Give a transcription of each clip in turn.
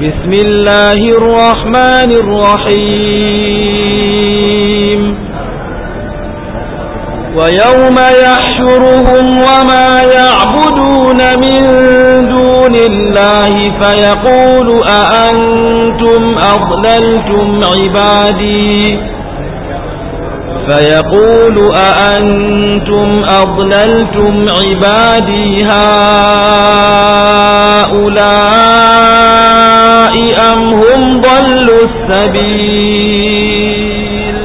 بسم الله الرحمن الرحيم ويوم يحشرهم وما يعبدون من دون الله فيقول أأنتم أضللتم عبادي فيقول أأنتم أضللتم عبادي هؤلاء أم هم ضلوا السبيل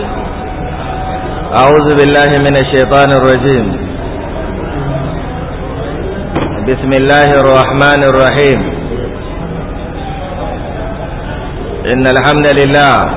أعوذ بالله من الشيطان الرجيم بسم الله الرحمن الرحيم إن الحمد لله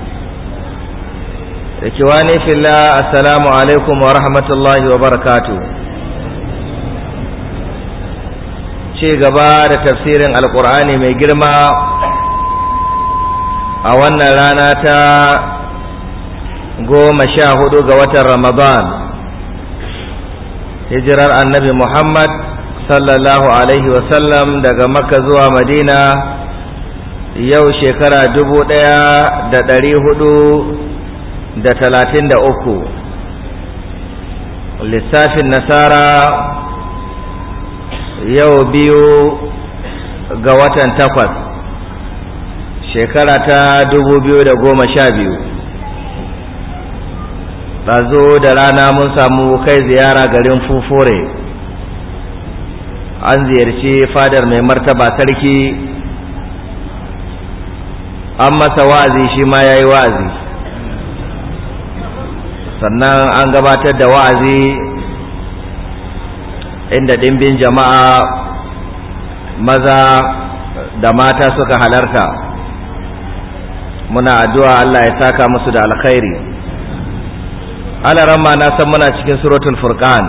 ikiwani filla assalamu alaikum wa rahmatullahi wa barakatu Ci gaba da tafsirin alkur'ani mai girma a wannan rana ta goma sha hudu ga watan ramadan hijirar annabi muhammad sallallahu alaihi wasallam daga makka zuwa madina yau shekara dubu ɗaya da ɗari hudu da talatin da uku lissafin nasara yau biyu ga watan takwas shekara ta dubu biyu da goma sha biyu ɗazo da rana mun samu kai ziyara garin fufure an ziyarci fadar mai martaba sarki an masa wa'azi shi ma ya yi wa'azi sannan an gabatar da wa'azi inda dimbin jama'a maza da mata suka halarta muna addu'a Allah ya saka musu da alkhairi ramma na san muna cikin suratul furqan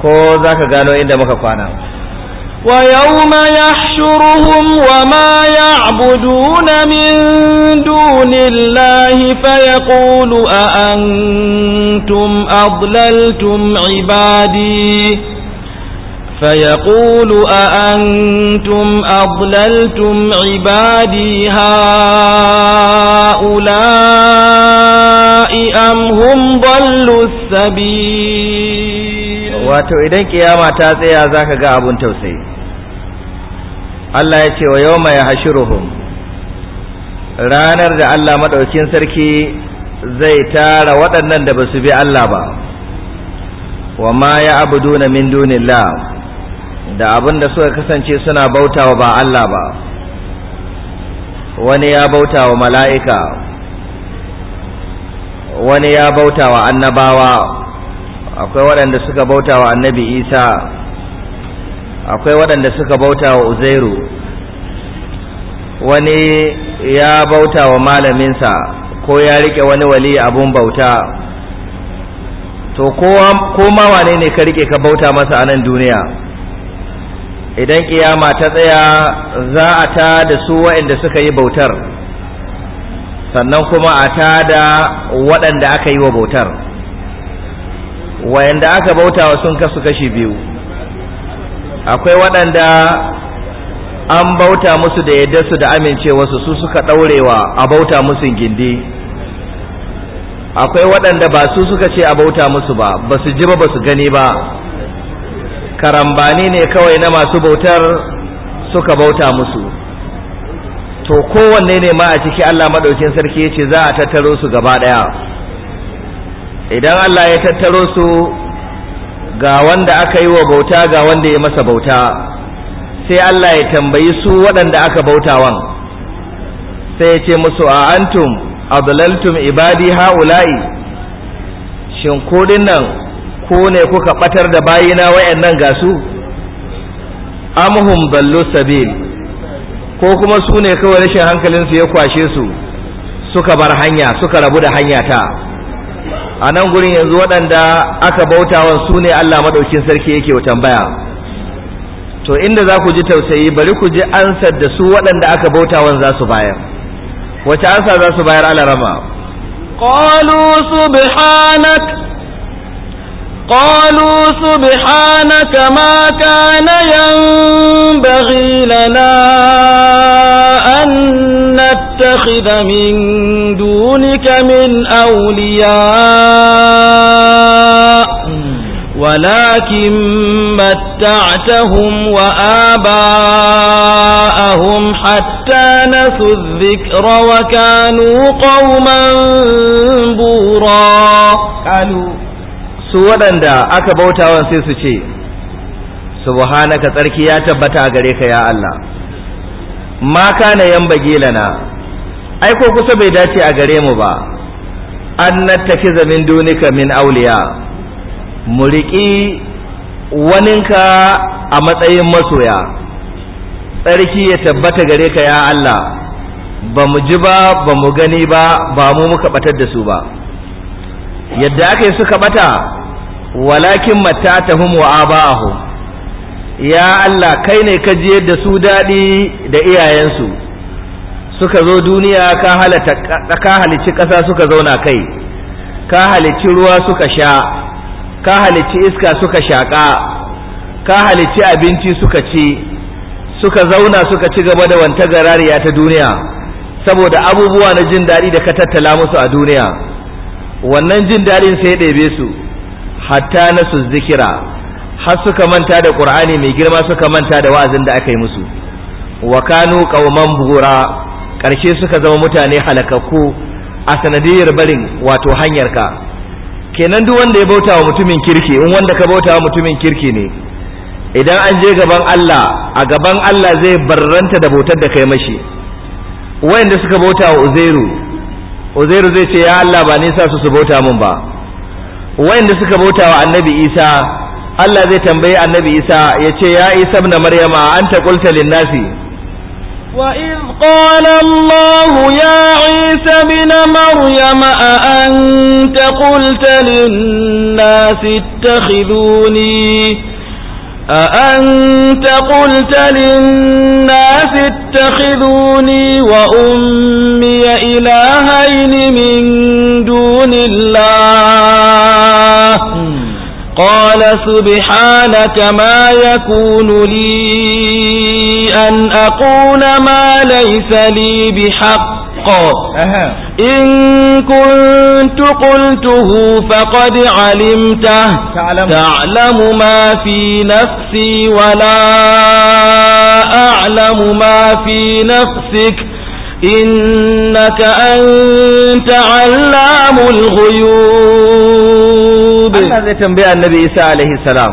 ko zaka gano inda muka kwana ويوم يحشرهم وما يعبدون من دون الله فيقول أأنتم أضللتم عبادي فيقول أأنتم أضللتم عبادي هؤلاء أم هم ضلوا السبيل واتو idan kiyama ta tsaya zaka ga Allah ya ce wa yau mai hashiruhum ranar da Allah maɗaukin sarki zai tara waɗannan da ba su bi Allah ba wa ma ya na min dunillah da abin da suka kasance suna bautawa ba Allah ba wani ya bautawa mala'ika wani ya bautawa annabawa akwai waɗanda suka bauta wa annabi isa akwai waɗanda suka bauta wa uzairu wani ya bauta wa malaminsa ko ya rike wani wali abun bauta to ko ma wane ne ka rike ka bauta masa a nan duniya idan kiyama ta tsaya za a ta da su waɗanda suka yi bautar sannan kuma a ta da waɗanda aka yi wa bautar wayanda aka bauta wa sun kasu kashi biyu akwai waɗanda an bauta musu da yadda su da amincewarsu su suka ɗaurewa a bauta musu gindi akwai waɗanda ba su suka ce a bauta musu ba ba su ji ba ba su gani ba karambani ne kawai na masu bautar suka bauta musu to kowanne ne ma a ciki Allah maɗaukin sarki ya ce za a tattaro su gaba ɗaya idan Allah ya tattaro su ga wanda aka yi wa bauta ga wanda ya masa bauta sai Allah ya tambayi su waɗanda aka bauta bautawan sai ya ce musu a antum adlaltum ibadi haula'i shin ko nan ko ne kuka batar da bayina wayannan ga su amhum dallu sabil ko kuma su ne kawai rashin hankalinsu ya kwashe su suka bar hanya suka rabu da hanya ta a nan gurin yanzu waɗanda aka bautawa su ne Allah maɗaukin sarki yake tambaya to inda za ku ji tausayi bari ku ji ansar da su waɗanda aka bautawan za su bayar wace ansa za su bayar alarama qalu subhanak qalu subhanaka na kana ينبغي نتخذ من دونك من أولياء ولكن متعتهم وآباءهم حتى نسوا الذكر وكانوا قوما بورا قالوا سورة دا أكبوتا وانسيسوشي سبحانك تركيا تبتا غريك يا الله ما كان ينبغي لنا ai ko kusa bai dace a gare mu ba an nattakiza zamin dunika min auliya mu riƙi waninka a matsayin masoya tsarki ya tabbata gare ka ya Allah ba mu ji ba ba mu gani ba ba mu muka batar da su ba yadda aka yi suka bata walakin mata matatahum wa aba'ahum ya Allah kai ne ka ji da su daɗi da iyayensu suka zo duniya ka halicci ƙasa suka zauna kai ka halicci ruwa suka sha ka halicci iska suka shaƙa ka halicci abinci suka ci suka zauna suka ci gaba da wanta garariya ta duniya saboda abubuwa na jin daɗi da ka tattala musu a duniya wannan jin daɗin sai ɗebe su hatta na su zikira har suka manta da ƙur'ani mai girma suka manta da wa'azin da aka yi musu wa kanu qauman bura Karshe suka zama mutane halakakku a sanadiyar barin wato hanyarka kenan duk wanda ya bauta wa mutumin kirki in wanda ka bauta wa mutumin kirki ne idan an je gaban Allah a gaban Allah zai barranta da bautar da kai mashi wayanda suka bauta wa Uzairu Uzairu zai ce ya Allah ba nisa su su bauta mun ba wayanda suka bauta wa Annabi Isa Allah zai tambayi Annabi Isa ya ce ya Isa ibn Maryama anta qulta lin وإذ قال الله يا عيسى بن مريم أأنت قلت للناس اتخذوني أأنت قلت للناس اتخذوني وأمي إلهين من دون الله قال سبحانك ما يكون لي أن أقول ما ليس لي بحق إن كنت قلته فقد علمته تعلم ما في نفسي ولا أعلم ما في نفسك إنك أنت علام الغيوب Allah zai tambaya annabi Isa alaihi salam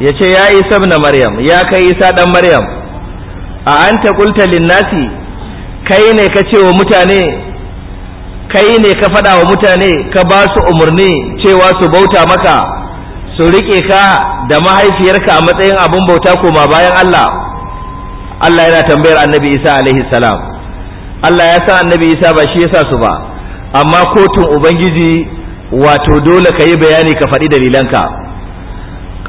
ya ce ya Isa ibn Maryam ya kai Isa dan Maryam a ta qulta linnasi kai ne ka ce wa mutane kai ne ka faɗa wa mutane ka ba su umarni cewa su bauta maka su riƙe ka da mahaifiyarka a matsayin abin bauta koma bayan Allah Allah yana tambayar annabi Isa alaihi salam Allah ya san annabi Isa ba shi yasa su ba amma kotun ubangiji wato dole ka yi bayani ka faɗi dalilanka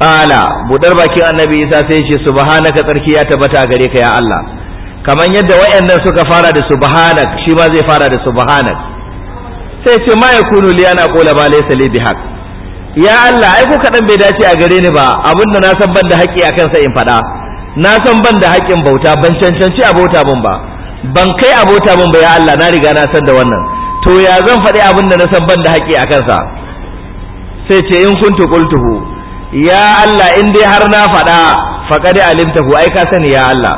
qala budar bakin annabi isa sai ce subhanaka tsarki ya tabbata gare ka ya Allah kamar yadda wayannan suka fara da subhanak shi ma zai fara da subhanak sai ce ma yakunu li ana qula ba laysa li bihaq ya Allah ai ko kadan bai dace a gare ni ba abinda na san ban da haƙƙi akan sa in faɗa na san ban da haƙƙin bauta ban cancanci abota mun ba ban kai abota mun ba ya Allah na riga na san da wannan to ya zan faɗi abinda na san ban da haƙƙi akan sa sai ce in kuntu qultuhu ya Allah in dai har na faɗa alimta alimtahu ai ka sani ya Allah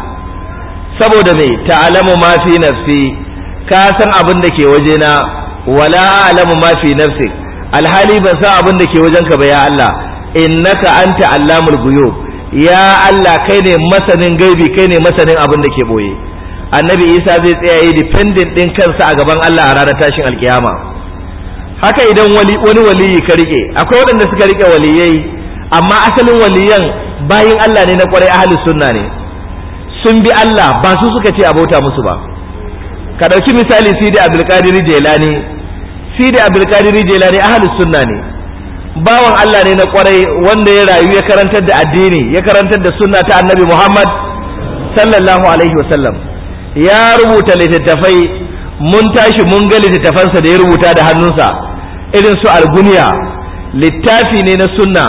saboda me ta ma fi nafsi ka san abin da ke waje na wala a'lamu ma fi nafsi alhali ban san abin da ke wajenka ba ya Allah innaka anta allamul ghuyub ya Allah kai ne masanin gaibi kai ne masanin abin da ke boye annabi Isa zai tsaya yi dependent din kansa a gaban Allah a ranar tashin alkiyama haka idan wani waliyi ka rike akwai waɗanda suka rike waliyai amma asalin waliyan bayin Allah ne na kwarai ahli sunna ne sun bi Allah ba su suka ce abota musu ba ka ɗauki misali sidi abdulkadir jelani sidi abdulkadir jelani ahli sunna ne bawan Allah ne na kwarai wanda ya rayu ya karantar da addini ya karantar da sunna ta annabi Muhammad sallallahu alaihi wasallam ya rubuta littattafai mun tashi mun ga littattafansa da ya rubuta da hannunsa irin su alguniya littafi ne na sunna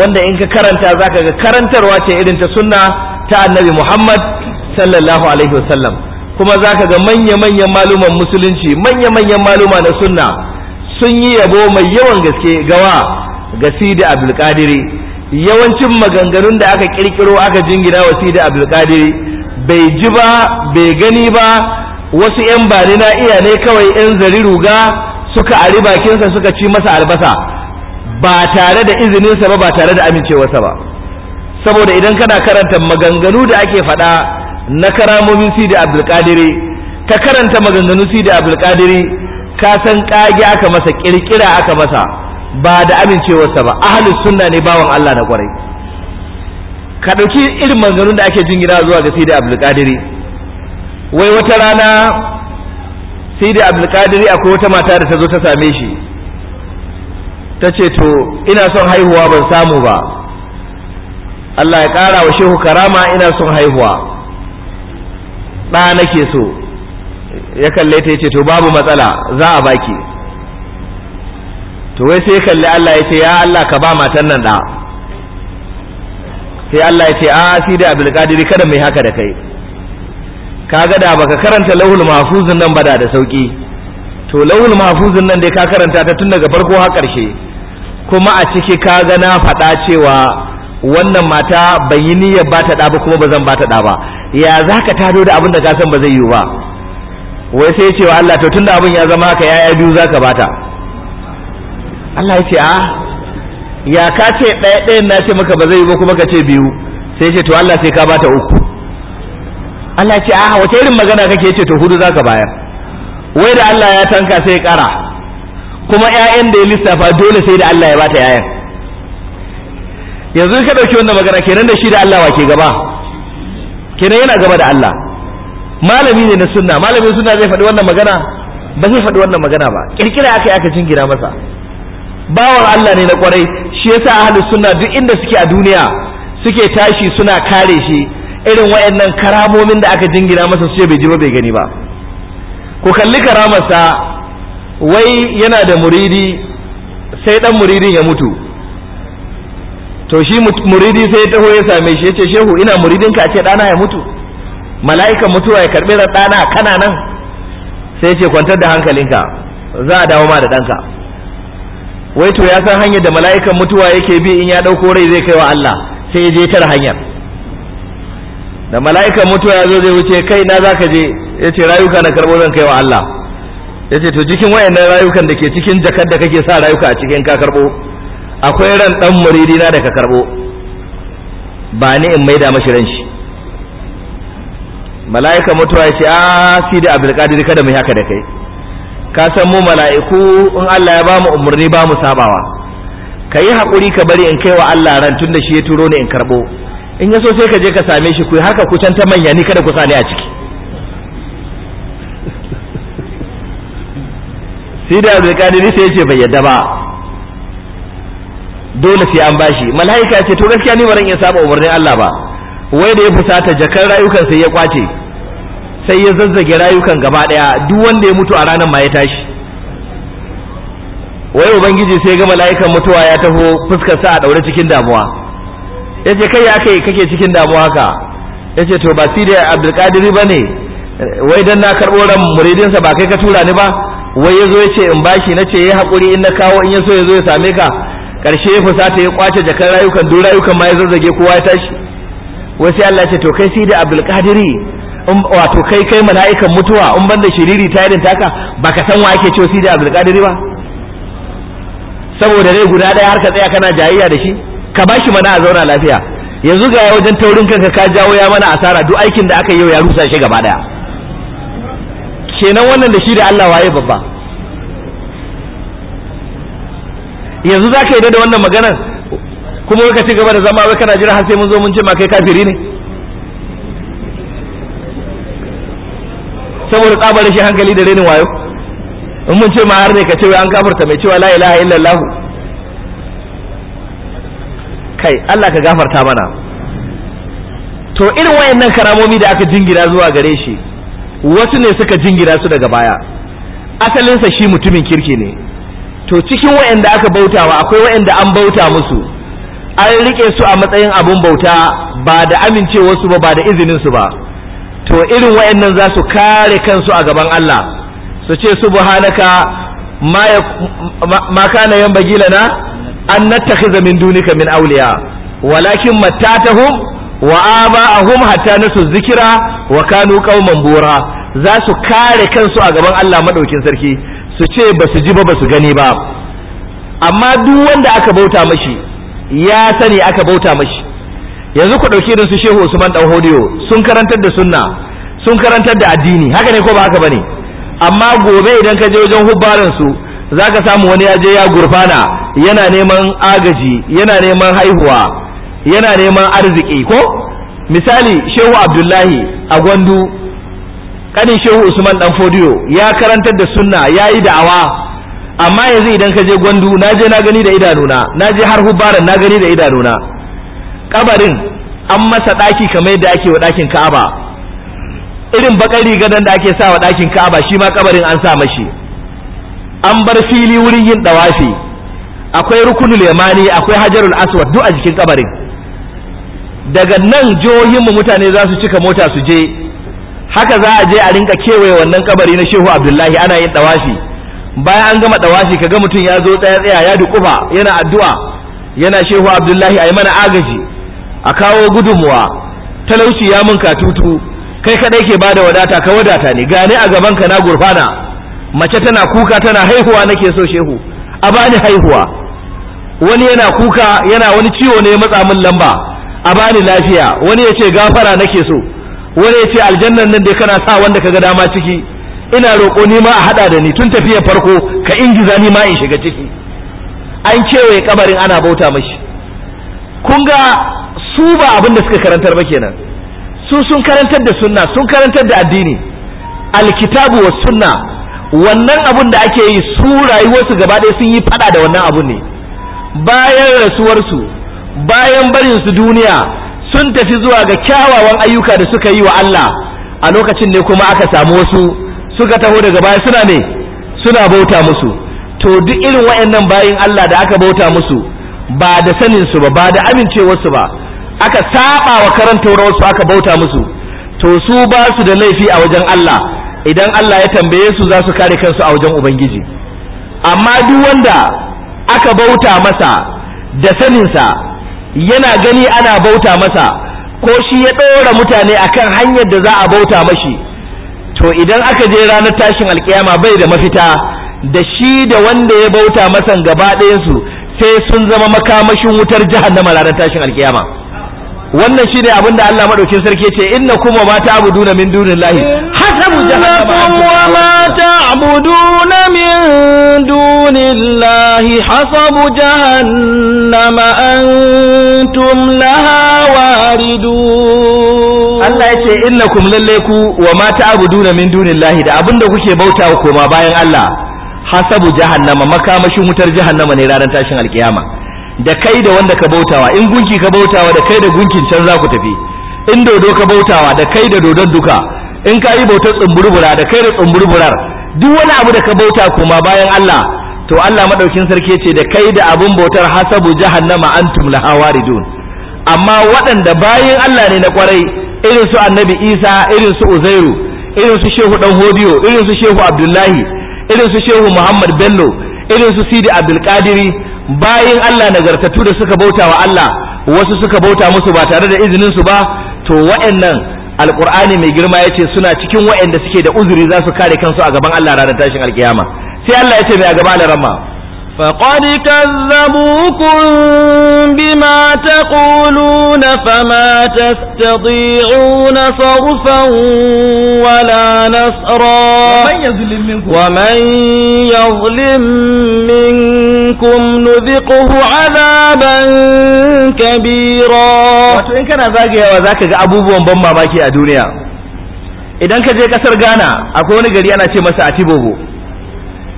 wanda in ka karanta za ka ga karantarwa ce irin ta sunna ta annabi Muhammad sallallahu alaihi wasallam kuma za ka ga manya-manyan maluman musulunci manya-manyan maluma na sunna sun yi yabo mai yawan gaske gawa ga Sidi Abdul yawancin maganganun da aka kirkiro aka jingina wa Sidi Abdul bai ji ba bai gani ba wasu 'yan bani na iya ne kawai 'yan zari ruga suka ari bakinsa suka ci masa albasa ba tare da izininsa ba ba tare da amincewarsa ba saboda idan kana karanta maganganu da ake faɗa na karamomin sidi abdulkadiri ka karanta maganganu sidi abdulkadiri ka san kage aka masa kirkira aka masa ba da amincewarsa ba ahlus sunna ne bawan Allah na kwarai ka ɗauki irin maganganun da ake jingina zuwa ga sidi abdulkadiri wai wata rana sidi abdulkadiri akwai wata mata da ta zo ta same shi ta ce to ina son haihuwa ban samu ba Allah ya ƙara wa shehu karama ina son haihuwa ɗa nake so ya kalle ta ce to babu matsala za a baki to wai sai kalli Allah ya ce ya Allah ka ba matan nan ɗa sai Allah ya ce a sidi abdulkadiri kada mai haka da kai ka ga da baka karanta lauhul mahfuzun nan ba da sauki to lauhul mahfuzun nan dai ka karanta ta tun daga farko har ƙarshe kuma a ciki ga na faɗa cewa wannan mata ban yi niyyar ba ta ɗa ba kuma ba zan ba ta ɗa ba ya za ka tado da abin da ka san ba zai yiwu ba wai sai cewa Allah to tunda abin ya zama ka yaya biyu za ka bata Allah ya ce a ya ka ce ɗaya ɗayan na ce maka ba zai yiwu ba kuma ka ce biyu sai ce to Allah sai ka bata uku Allah ya ce a wace irin magana kake ce to hudu za ka bayar wai da Allah ya tanka sai ya ƙara kuma 'ya'yan da ya lissafa dole sai da Allah ya ba ta 'ya'yan yanzu ka ɗauki wannan magana kenan da shi da Allah wa ke gaba kenan yana gaba da Allah malami ne na sunna malamin sunna zai faɗi wannan magana ba zai faɗi wannan magana ba kirkira aka yi aka jingina masa bawan Allah ne na kwarai shi yasa ahlus sunna duk inda suke a duniya suke tashi suna kare shi irin wayannan karamomin da aka jingina masa su bai ji ba bai gani ba ku kalli karamarsa wai yana da muridi sai dan muridin ya mutu to shi muridi sai ya taho ya same shi yace shehu ina muridin ka ce dana ya mutu mala'ika mutuwa ya karbe dana kana nan sai yace kwantar da hankalinka za a dawo ma da danka wai to ya san hanyar da mala'ikan mutuwa yake bi in ya dauko rai zai kai wa Allah sai ya je tar hanyar da mala'ikan mutuwa ya zo zai wuce kai na zaka je yace rayuka na karbo zan kai wa Allah yace to cikin wayannan rayukan da ke cikin jakar da kake sa rayuka a cikin ka karbo akwai ran dan muridi da ka karbo ba ni in maida mashi ran shi mala'ika mutuwa yace a ah, sidi abu'l qadir kada mu haka da kai ka san mu mala'iku in Allah ya bamu umurni ba mu sabawa kayi hakuri ka bari in kai wa Allah ran tunda shi ya turo ni in karbo in yaso sai ka je ka same shi ku haka ka kucanta manya ni kada ku sani a ciki sai da mai kadiri sai yace bai yadda ba dole sai an bashi mala'ika ce to gaskiya ni baran iya saba umarnin Allah ba wai da ya fusata jakar rayukan sai ya kwace sai ya zazzage rayukan gaba daya duk wanda ya mutu a ranar ma ya tashi wai ubangiji sai ga mala'ikan mutuwa ya taho fuskar sa a daure cikin damuwa yace kai ya kai kake cikin damuwa haka yace to ba sirri abdulkadir bane wai dan na karbo ran muridinsa ba kai ka tura ni ba wai ya zo ya ce in bashi na ce ya hakuri in na kawo in ya so ya zo ya same ka ƙarshe ya fusata ya kwace jakar rayukan duk rayukan ma ya zazzage kowa ya tashi wai sai Allah ya ce to kai sai da Qadiri wato kai kai mala'ikan mutuwa in ban da shiriri ta irin taka baka san wa ake ce sai da Qadiri ba saboda rai guda ɗaya har ka tsaya kana jayayya da shi ka bashi mana a zauna lafiya yanzu ga wajen taurin kanka ka jawo ya mana asara duk aikin da aka yi yau ya rusa shi gaba ɗaya kenan wannan da shi da Allah waye babba yanzu za ka yi da wannan maganar kuma wai ka ci gaba da zama wai kana jira har sai mun zo mun ce ma kai kafiri ne saboda tsabar shi hankali da renin wayo in mun ce ma har ne ka ce wai an gafarta mai cewa la ilaha illallah kai Allah ka gafarta mana to irin wayannan karamomi da aka jingira zuwa gare shi wasu ne suka jingira su daga baya asalinsa shi mutumin kirki ne to cikin waɗanda aka bautawa akwai waɗanda an bauta musu an rike su a matsayin abun bauta ba da amincewarsu ba ba da izinin su ba to irin waɗannan za su kare kansu a gaban Allah su ce subhanaka ma ma kana yan bagilana an natakhiza min dunika min awliya walakin mattatahum wa aba'ahum hatta nasu zikira wa kanu qauman bura za su kare kansu a gaban Allah madaukin sarki su ce ba su ji ba ba su gani ba amma duk wanda aka bauta mashi ya sani aka bauta mashi yanzu ku dauki irin su Shehu Usman Dan Hodiyo sun karantar da sunna sun karantar da addini haka ne ko ba haka bane amma gobe idan ka je wajen hubbarin su zaka samu wani ya je ya gurfana yana neman agaji yana neman haihuwa yana neman arziki ko misali shehu abdullahi a gwandu kanin shehu usman dan fodiyo ya karantar da sunna ya yi da'awa amma yanzu idan ka je gwandu na je na gani da idanuna na je har hubbaran na gani da idanuna kabarin an masa daki kamar yadda ake wa dakin ka'aba irin bakar rigar da ake sawa wa dakin ka'aba shi ma kabarin an sa mashi an bar fili wurin yin dawafi akwai rukunul yamani akwai hajarul aswad duk a jikin kabarin daga nan jihohinmu mutane za su cika mota su je haka za a je a rinka kewaye wannan kabari na shehu abdullahi ana yin dawashi bayan an gama dawashi ga mutum ya zo tsaya tsaya ya dukufa yana addu'a yana shehu abdullahi a yi mana agaji a kawo gudunmuwa talauci ya mun ka tutu kai kadai ke bada wadata ka wadata ne gane a gaban ka na gurfana mace tana kuka tana haihuwa nake so shehu a bani haihuwa wani yana kuka yana wani ciwo ne ya matsa min lamba a bani lafiya wani ya ce gafara nake so wani ya ce aljannan nan dai kana sa wanda kaga dama ciki ina roƙo ni ma a haɗa da ni tun tafiyar farko ka ingiza ni ma in shiga ciki an kewaye kabarin ana bauta mashi kun ga su ba abin da suka karantar ba kenan su sun karantar da sunna sun karantar da addini alkitabu wa sunna wannan abun da ake yi su rayuwarsu gaba ɗaya sun yi faɗa da wannan abun ne bayan rasuwarsu bayan barin su duniya sun tafi zuwa ga kyawawan ayyuka da suka yi wa Allah a lokacin ne kuma aka samu wasu suka taho daga baya suna ne suna bauta musu to duk irin waɗannan bayin Allah da aka bauta musu ba da sanin su ba ba da amincewar su ba aka saba wa karanta wurin wasu aka bauta musu to su ba su da laifi a wajen Allah idan Allah ya tambaye su za su kare kansu a wajen ubangiji amma duk wanda aka bauta masa da saninsa yana gani ana bauta masa ko shi ya ɗora mutane akan hanyar da za a bauta mashi to idan aka je ranar tashin alkiyama bai da mafita da shi da wanda ya bauta masan gaba ɗayansu sai sun zama makamashin wutar jihar na ranar tashin alkiyama wannan shine ne abinda Allah madaukin sarki ce, inna kuma ma ta'buduna min dunillahi hasabu jahannama wa ma ta'buduna min dunillahi hasabu jahannama antum laha waridun Allah yace innakum lalle ku wa ma ta'buduna min lahi," da abinda kuke bauta koma bayan Allah hasabu jahannama makamashin wutar jahannama ne ranar tashin alkiyama da kai da wanda ka bautawa in gunki ka bautawa da kai da gunkin can za ku tafi in dodo ka bautawa da kai da dodon duka in ka yi bautar tsumburbura da kai da tsumburburar duk wani abu da ka bauta kuma bayan Allah to Allah madaukin sarki ce da kai da abun bautar hasabu jahannama antum laha waridun amma waɗanda bayan Allah ne na kwarai irin su annabi Isa irin su Uzairu irin su Shehu Dan Hodiyo irin su Shehu Abdullahi irin su Shehu Muhammad Bello irin su Sidi Abdul Qadiri bayin Allah nagartatu da suka bauta wa Allah wasu suka bauta musu ba tare da izinin su ba to wa'annan alqur'ani mai girma yace suna cikin wa'anda suke da uzuri za su kare kansu a gaban Allah ranar tashin alkiyama sai Allah yace mai a gaban Allah ramma فقد كذبوكم بما تقولون فما تستطيعون صرفا ولا نصرا ومن يظلم منكم نذقه عذابا كبيرا wato in kana zagayawa zaka ga abubuwan ban mamaki a duniya idan ka je kasar Ghana akwai wani gari ana ce masa Atibobo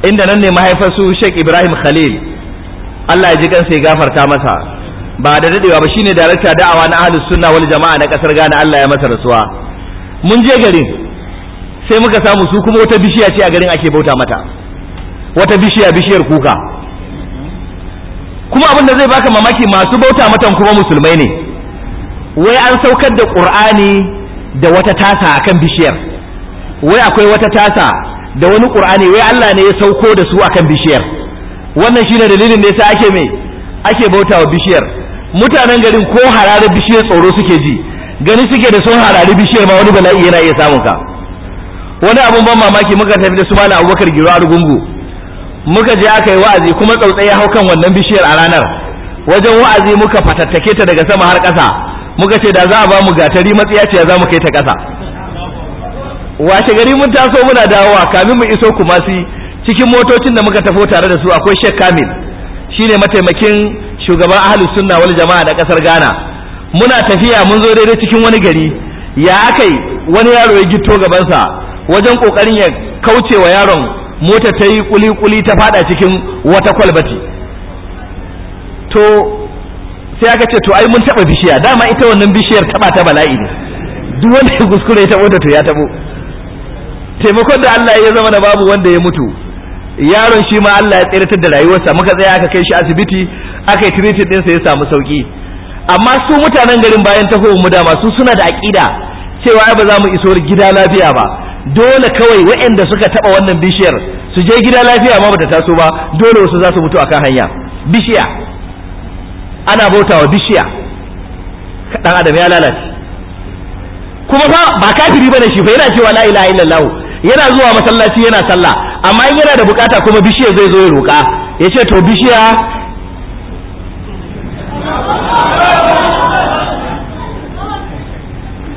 inda nan ne mahaifar Sheikh Ibrahim Khalil Allah ya ji kansa ya gafarta masa ba da dadewa ba shine darakta da'awa na ahlus sunna wal jama'a na kasar Ghana Allah ya masa rasuwa mun je garin sai muka samu su kuma wata bishiya ce a garin ake bauta mata wata bishiya bishiyar kuka kuma abin da zai baka mamaki masu bauta mata kuma musulmai ne wai an saukar da Qur'ani da wata tasa akan bishiyar wai akwai wata tasa da wani qur'ani wai Allah ne ya sauko da su akan bishiyar wannan shine dalilin da yasa ake me ake bautawa bishiyar mutanen garin ko harare bishiyar tsoro suke ji gani suke da sun harare bishiyar ma wani bala'i yana iya samun ka wani abun ban mamaki muka tafi da su malam Abubakar Giro Argungu muka je aka yi wa'azi kuma tsautsai ya hau kan wannan bishiyar a ranar wajen wa'azi muka fatattake ta daga sama har ƙasa muka ce da za a ba mu gatari matsiya ce za mu kai ta ƙasa washe gari mun taso muna dawowa kamin mu iso kumasi cikin motocin da muka tafo tare da su akwai Sheikh Kamil shine mataimakin shugaban ahlus sunna wal jama'a da kasar Ghana muna tafiya mun zo daidai cikin wani gari ya akai wani yaro ya gitto gaban sa wajen kokarin ya kauce wa yaron mota ta yi kuli kuli ta fada cikin wata kwalbati to sai aka ce to ai mun taba bishiya dama ita wannan bishiyar taba ta bala'i ne duk wanda ya kuskure ya tabo ta to ya taimakon da Allah ya zama da babu wanda ya mutu yaron shi ma Allah ya tsiratar da rayuwarsa muka tsaya aka kai shi asibiti aka yi din sa ya samu sauki amma su mutanen garin bayan taho mu dama su suna da aqida cewa ai ba za mu iso gida lafiya ba dole kawai waɗanda suka taba wannan bishiyar su je gida lafiya ma bata taso ba dole wasu za su mutu akan hanya bishiya ana bautawa bishiya dan adam ya lalace kuma fa ba kafiri bane shi fa yana cewa la ilaha illallah yana zuwa masallaci yana sallah amma in yana da bukata kuma bishiya zai zo ya roka ya ce to bishiya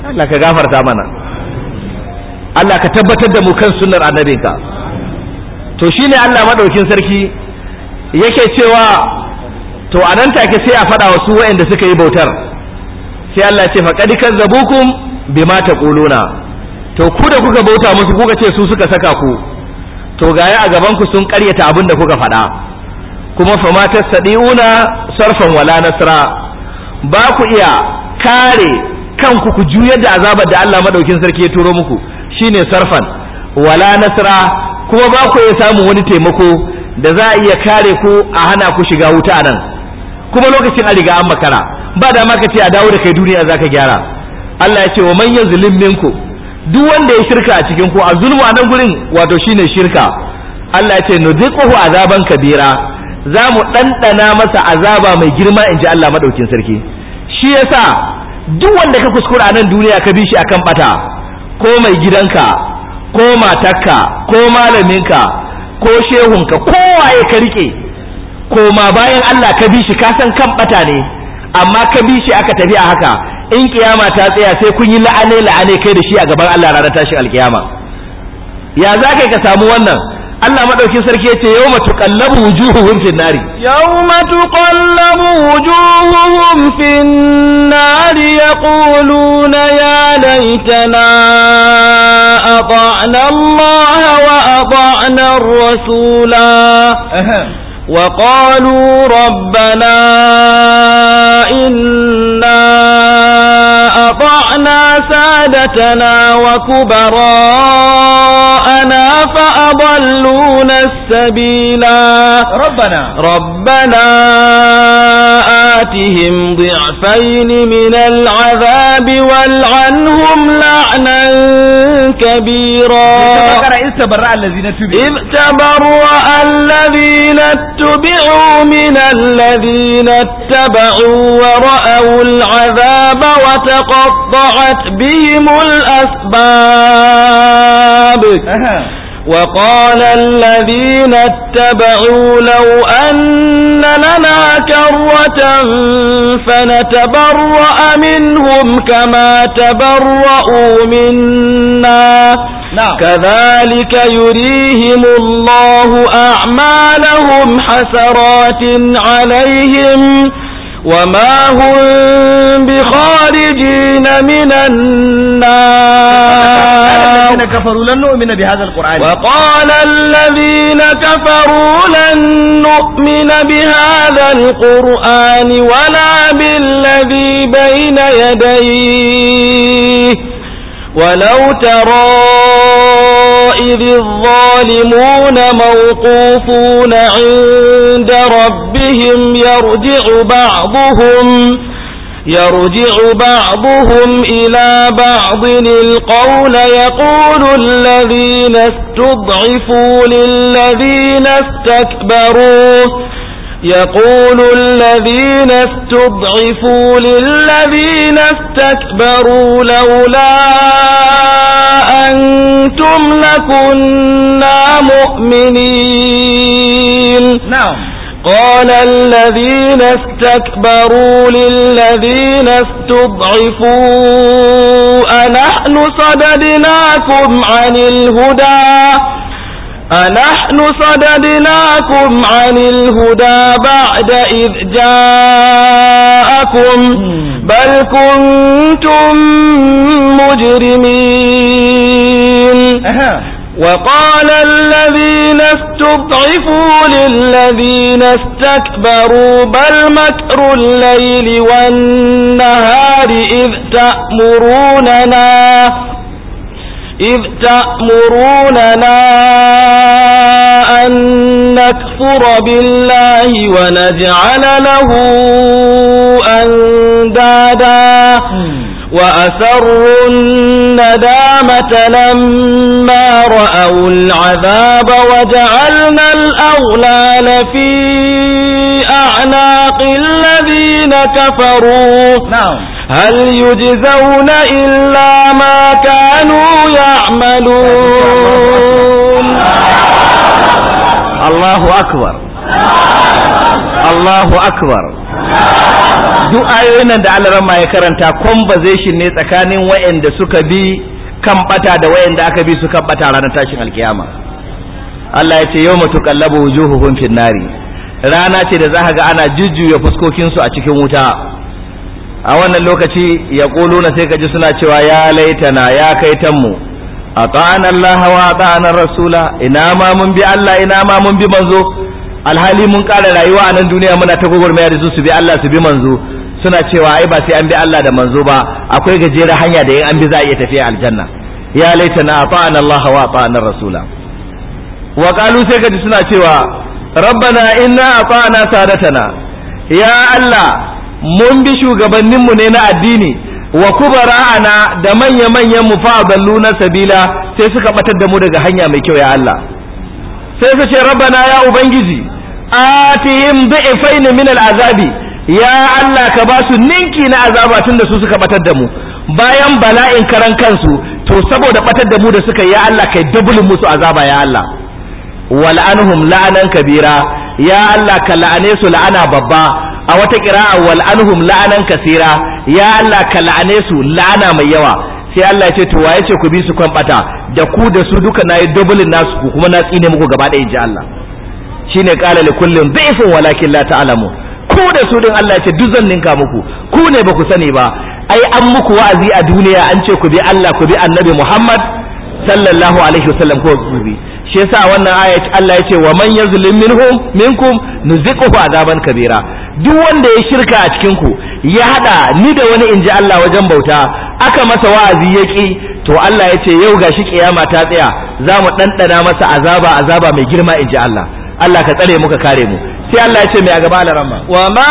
Allah ka gafarta mana Allah ka tabbatar da mu kan sunnar annabinka to shine Allah madaukin sarki yake cewa to a nan take sai a faɗa wasu waɗanda suka yi bautar sai Allah ce faƙad kazzabukum bima taquluna to ku da kuka bauta musu kuka ce su suka saka ku to gaya a gaban ku sun karyata abin da kuka faɗa kuma fa mata sadiuna sarfan wala nasra ba ku iya kare kanku ku juyar da azabar da Allah madaukin sarki ya turo muku shine sarfan wala nasra kuma ba ku iya samun wani taimako da za a iya kare ku a hana ku shiga wuta nan kuma lokacin a riga an makara ba da ma ka ce a dawo da kai duniya za ka gyara Allah ya ce wa manyan zulmin ku duk wanda ya shirka a cikin ku a a nan gurin wato shine shirka Allah ya ce nuziquhu azaban kabira za mu ɗanɗana masa azaba mai girma in ji Allah madaukin sarki shi yasa duk wanda ka kuskura a nan duniya ka bi shi akan bata ko mai gidanka ko matarka ko malaminka ko shehunka ko waye ka rike ko ma bayan Allah ka bi shi ka san kan bata ne amma ka bi shi aka tafi a haka in kiyama ta tsaya sai kun yi la'ane la'ane kai da shi a gaban Allah ranar tashin alkiyama ya za kai ka samu wannan Allah madaukin sarki yace yawma tuqallabu wujuhuhum fin nari yawma tuqallabu wujuhuhum fin nari yaquluna ya laitana ata'na Allah wa ata'na ar-rasula وقالوا ربنا إنا أطعنا سادتنا وكبراءنا فأضلونا السبيلا ربنا ربنا آتهم ضعفين من العذاب والعنهم لعنا كبيرا إذ تبرأ الذين تبرأ الذين اتبعوا من الذين اتبعوا ورأوا العذاب وتقطعت بهم الأسباب وقال الذين اتبعوا لو أن لنا كرة فنتبرأ منهم كما تبرأوا منا نعم. كذلك يريهم الله أعمالهم حسرات عليهم وما هم بخارجين من النار كفروا لن نؤمن بهذا القرآن وقال الذين كفروا لن نؤمن بهذا القرآن ولا بالذي بين يديه ولو ترى إذ الظالمون موقوفون عند ربهم يرجع بعضهم يرجع بعضهم إلى بعض القول يقول الذين استضعفوا للذين استكبروا يقول الذين استضعفوا للذين استكبروا لولا أنتم لكنا مؤمنين نعم قال الذين استكبروا للذين استضعفوا أنحن صددناكم عن الهدى أنحن صددناكم عن الهدى بعد إذ جاءكم بل كنتم مجرمين وقال الذين استضعفوا للذين استكبروا بل مكر الليل والنهار إذ تأمروننا إذ تأمروننا أن نكفر بالله ونجعل له أندادا وأسروا الندامة لما رأوا العذاب وجعلنا الأغلال في أعناق الذين كفروا نعم هل يجزون إلا ما كانوا يعملون الله أكبر الله أكبر duk ayoyin da alaran ma ya karanta conversation ne tsakanin wa'anda suka bi kan bata da wayanda aka bi su kan bata ranar tashin alkiyama Allah ya ce yau matuƙallabu wujuhuhum fin nari rana ce da za ga ana jujjuya fuskokinsu a cikin wuta a wannan lokaci ya na sai ka ji suna cewa ya laitana ya kai tanmu a ta'an Allah wa ta'an rasula ina ma mun bi Allah ina ma mun bi manzo alhali mun ƙara rayuwa a nan duniya muna ta gwagwarmaya da su su bi Allah su bi manzo suna cewa ai ba sai an bi Allah da manzo ba akwai gajeren hanya da in an bi za a iya tafiya aljanna ya laitana a ta'an Allah wa ta'an rasula wa qalu sai ka ji suna cewa rabbana inna ata'na sadatana ya Allah mun bi shugabanninmu ne na addini wa kubara'ana da manya-manyan mu fa'adallu na sabila sai suka batar da mu daga hanya mai kyau ya Allah sai su ce rabbana ya ubangiji atihim du'ifaini min al'azabi ya Allah ka ba su ninki na azaba tun da su suka batar da mu bayan bala'in karan kansu to saboda batar da mu da suka ya Allah kai dubulin musu azaba ya Allah wal'anhum la'anan kabira ya Allah ka la'ane su la'ana babba a wata kira'a wal anhum la'anan kasira ya Allah ka la'ane su la'ana mai yawa sai Allah ya ce to waye ce ku bi su kan da ku da su duka nayi dubulin nasu ku kuma na tsine muku gaba ɗaya ji Allah shine qala li kullin dhifun walakin la ta'lamu ku da su din Allah ya ce duk zan ninka muku ku ne ba ku sani ba ai an muku wa'azi a duniya an ce ku bi Allah ku bi Annabi Muhammad sallallahu alaihi wasallam ko ku bi shi yasa wannan aya Allah ya ce wa man yazlim minhum minkum nuziquhu azaban kabira duk wanda ya shirka a cikin ku ya hada ni da wani inji Allah wajen bauta aka masa wa'azi yaki to Allah ya ce yau gashi kiyama ta tsaya za mu dandana masa azaba azaba mai girma inji Allah Allah ka tsare mu ka kare mu sai Allah ya ce mai a gaba da ramma wa ma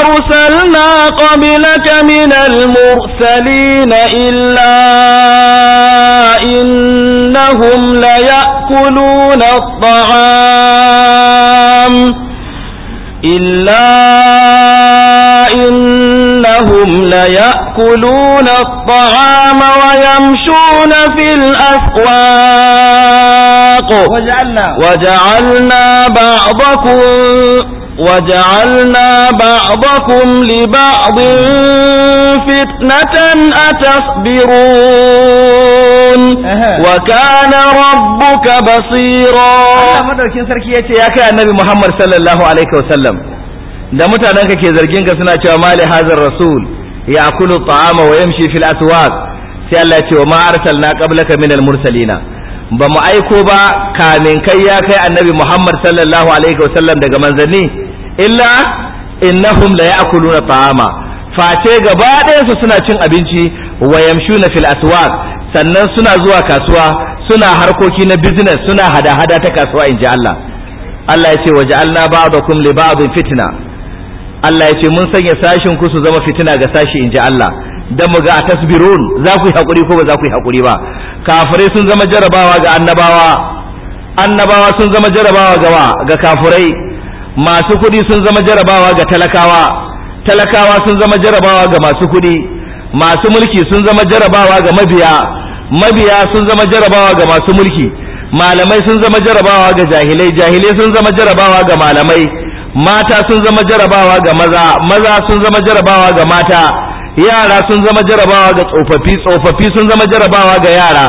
arsalna qablaka min al-mursalin illa innahum la ya'kuluna at-ta'am illa in إنهم ليأكلون الطعام ويمشون في الأسواق وجعلنا, وجعلنا بعضكم وجعلنا بعضكم لبعض فتنة أتصبرون وكان ربك بصيرا الله مدركين يا كان النبي محمد صلى الله عليه وسلم da mutanen ka ke zargin ka suna cewa mali hazar rasul ya akulu ta'ama wa yamshi fil aswaq sai Allah ya ce wa ma arsalna qablaka minal mursalina ba mu aiko ba kamin kai ya kai annabi Muhammad sallallahu alaihi wasallam daga manzanni illa innahum la ya'kuluna ta'ama face gaba ɗaya su suna cin abinci wa yamshuna fil aswaq sannan suna zuwa kasuwa suna harkoki na business suna hada-hada ta kasuwa in ji Allah Allah ya ce waje ja'alna ba'dakum li ba'din fitna Allah ya ce mun sanya sashin ku su zama fitina ga sashi in ji Allah da mu ga tasbirun za ku yi hakuri ko ba za ku yi hakuri ba kafirai sun zama jarabawa ga annabawa annabawa sun zama jarabawa ga wa ga kafirai masu kuɗi sun zama jarabawa ga talakawa talakawa sun zama jarabawa ga masu kuɗi masu mulki sun zama jarabawa ga mabiya mabiya sun zama jarabawa ga masu mulki malamai sun zama jarabawa ga jahilai jahilai sun zama jarabawa ga malamai mata sun zama jarabawa ga maza maza sun zama jarabawa ga mata yara sun zama jarabawa ga tsofaffi tsofaffi sun zama jarabawa ga yara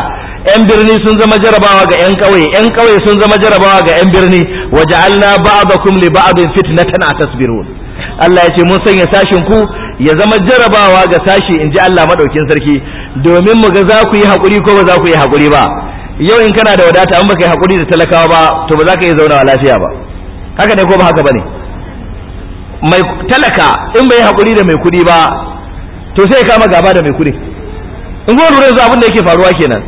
yan birni sun zama jarabawa ga yan ƙauye yan ƙauye sun zama jarabawa ga yan birni waje allah waja'alna ba'dakum li ba'din fitnatan atasbirun Allah ya ce mun sanya sashin ku ya zama jarabawa ga sashi ji Allah madaukin sarki domin mu ga za ku yi hakuri ko ba za ku yi hakuri ba yau in kana da wadata an baka yi hakuri da talakawa ba to ba za ka iya zaunawa lafiya ba haka ne ko ba haka bane mai talaka in bai hakuri da mai kudi ba to sai ya kama gaba da mai kudi in kuma lura yanzu abin da yake faruwa kenan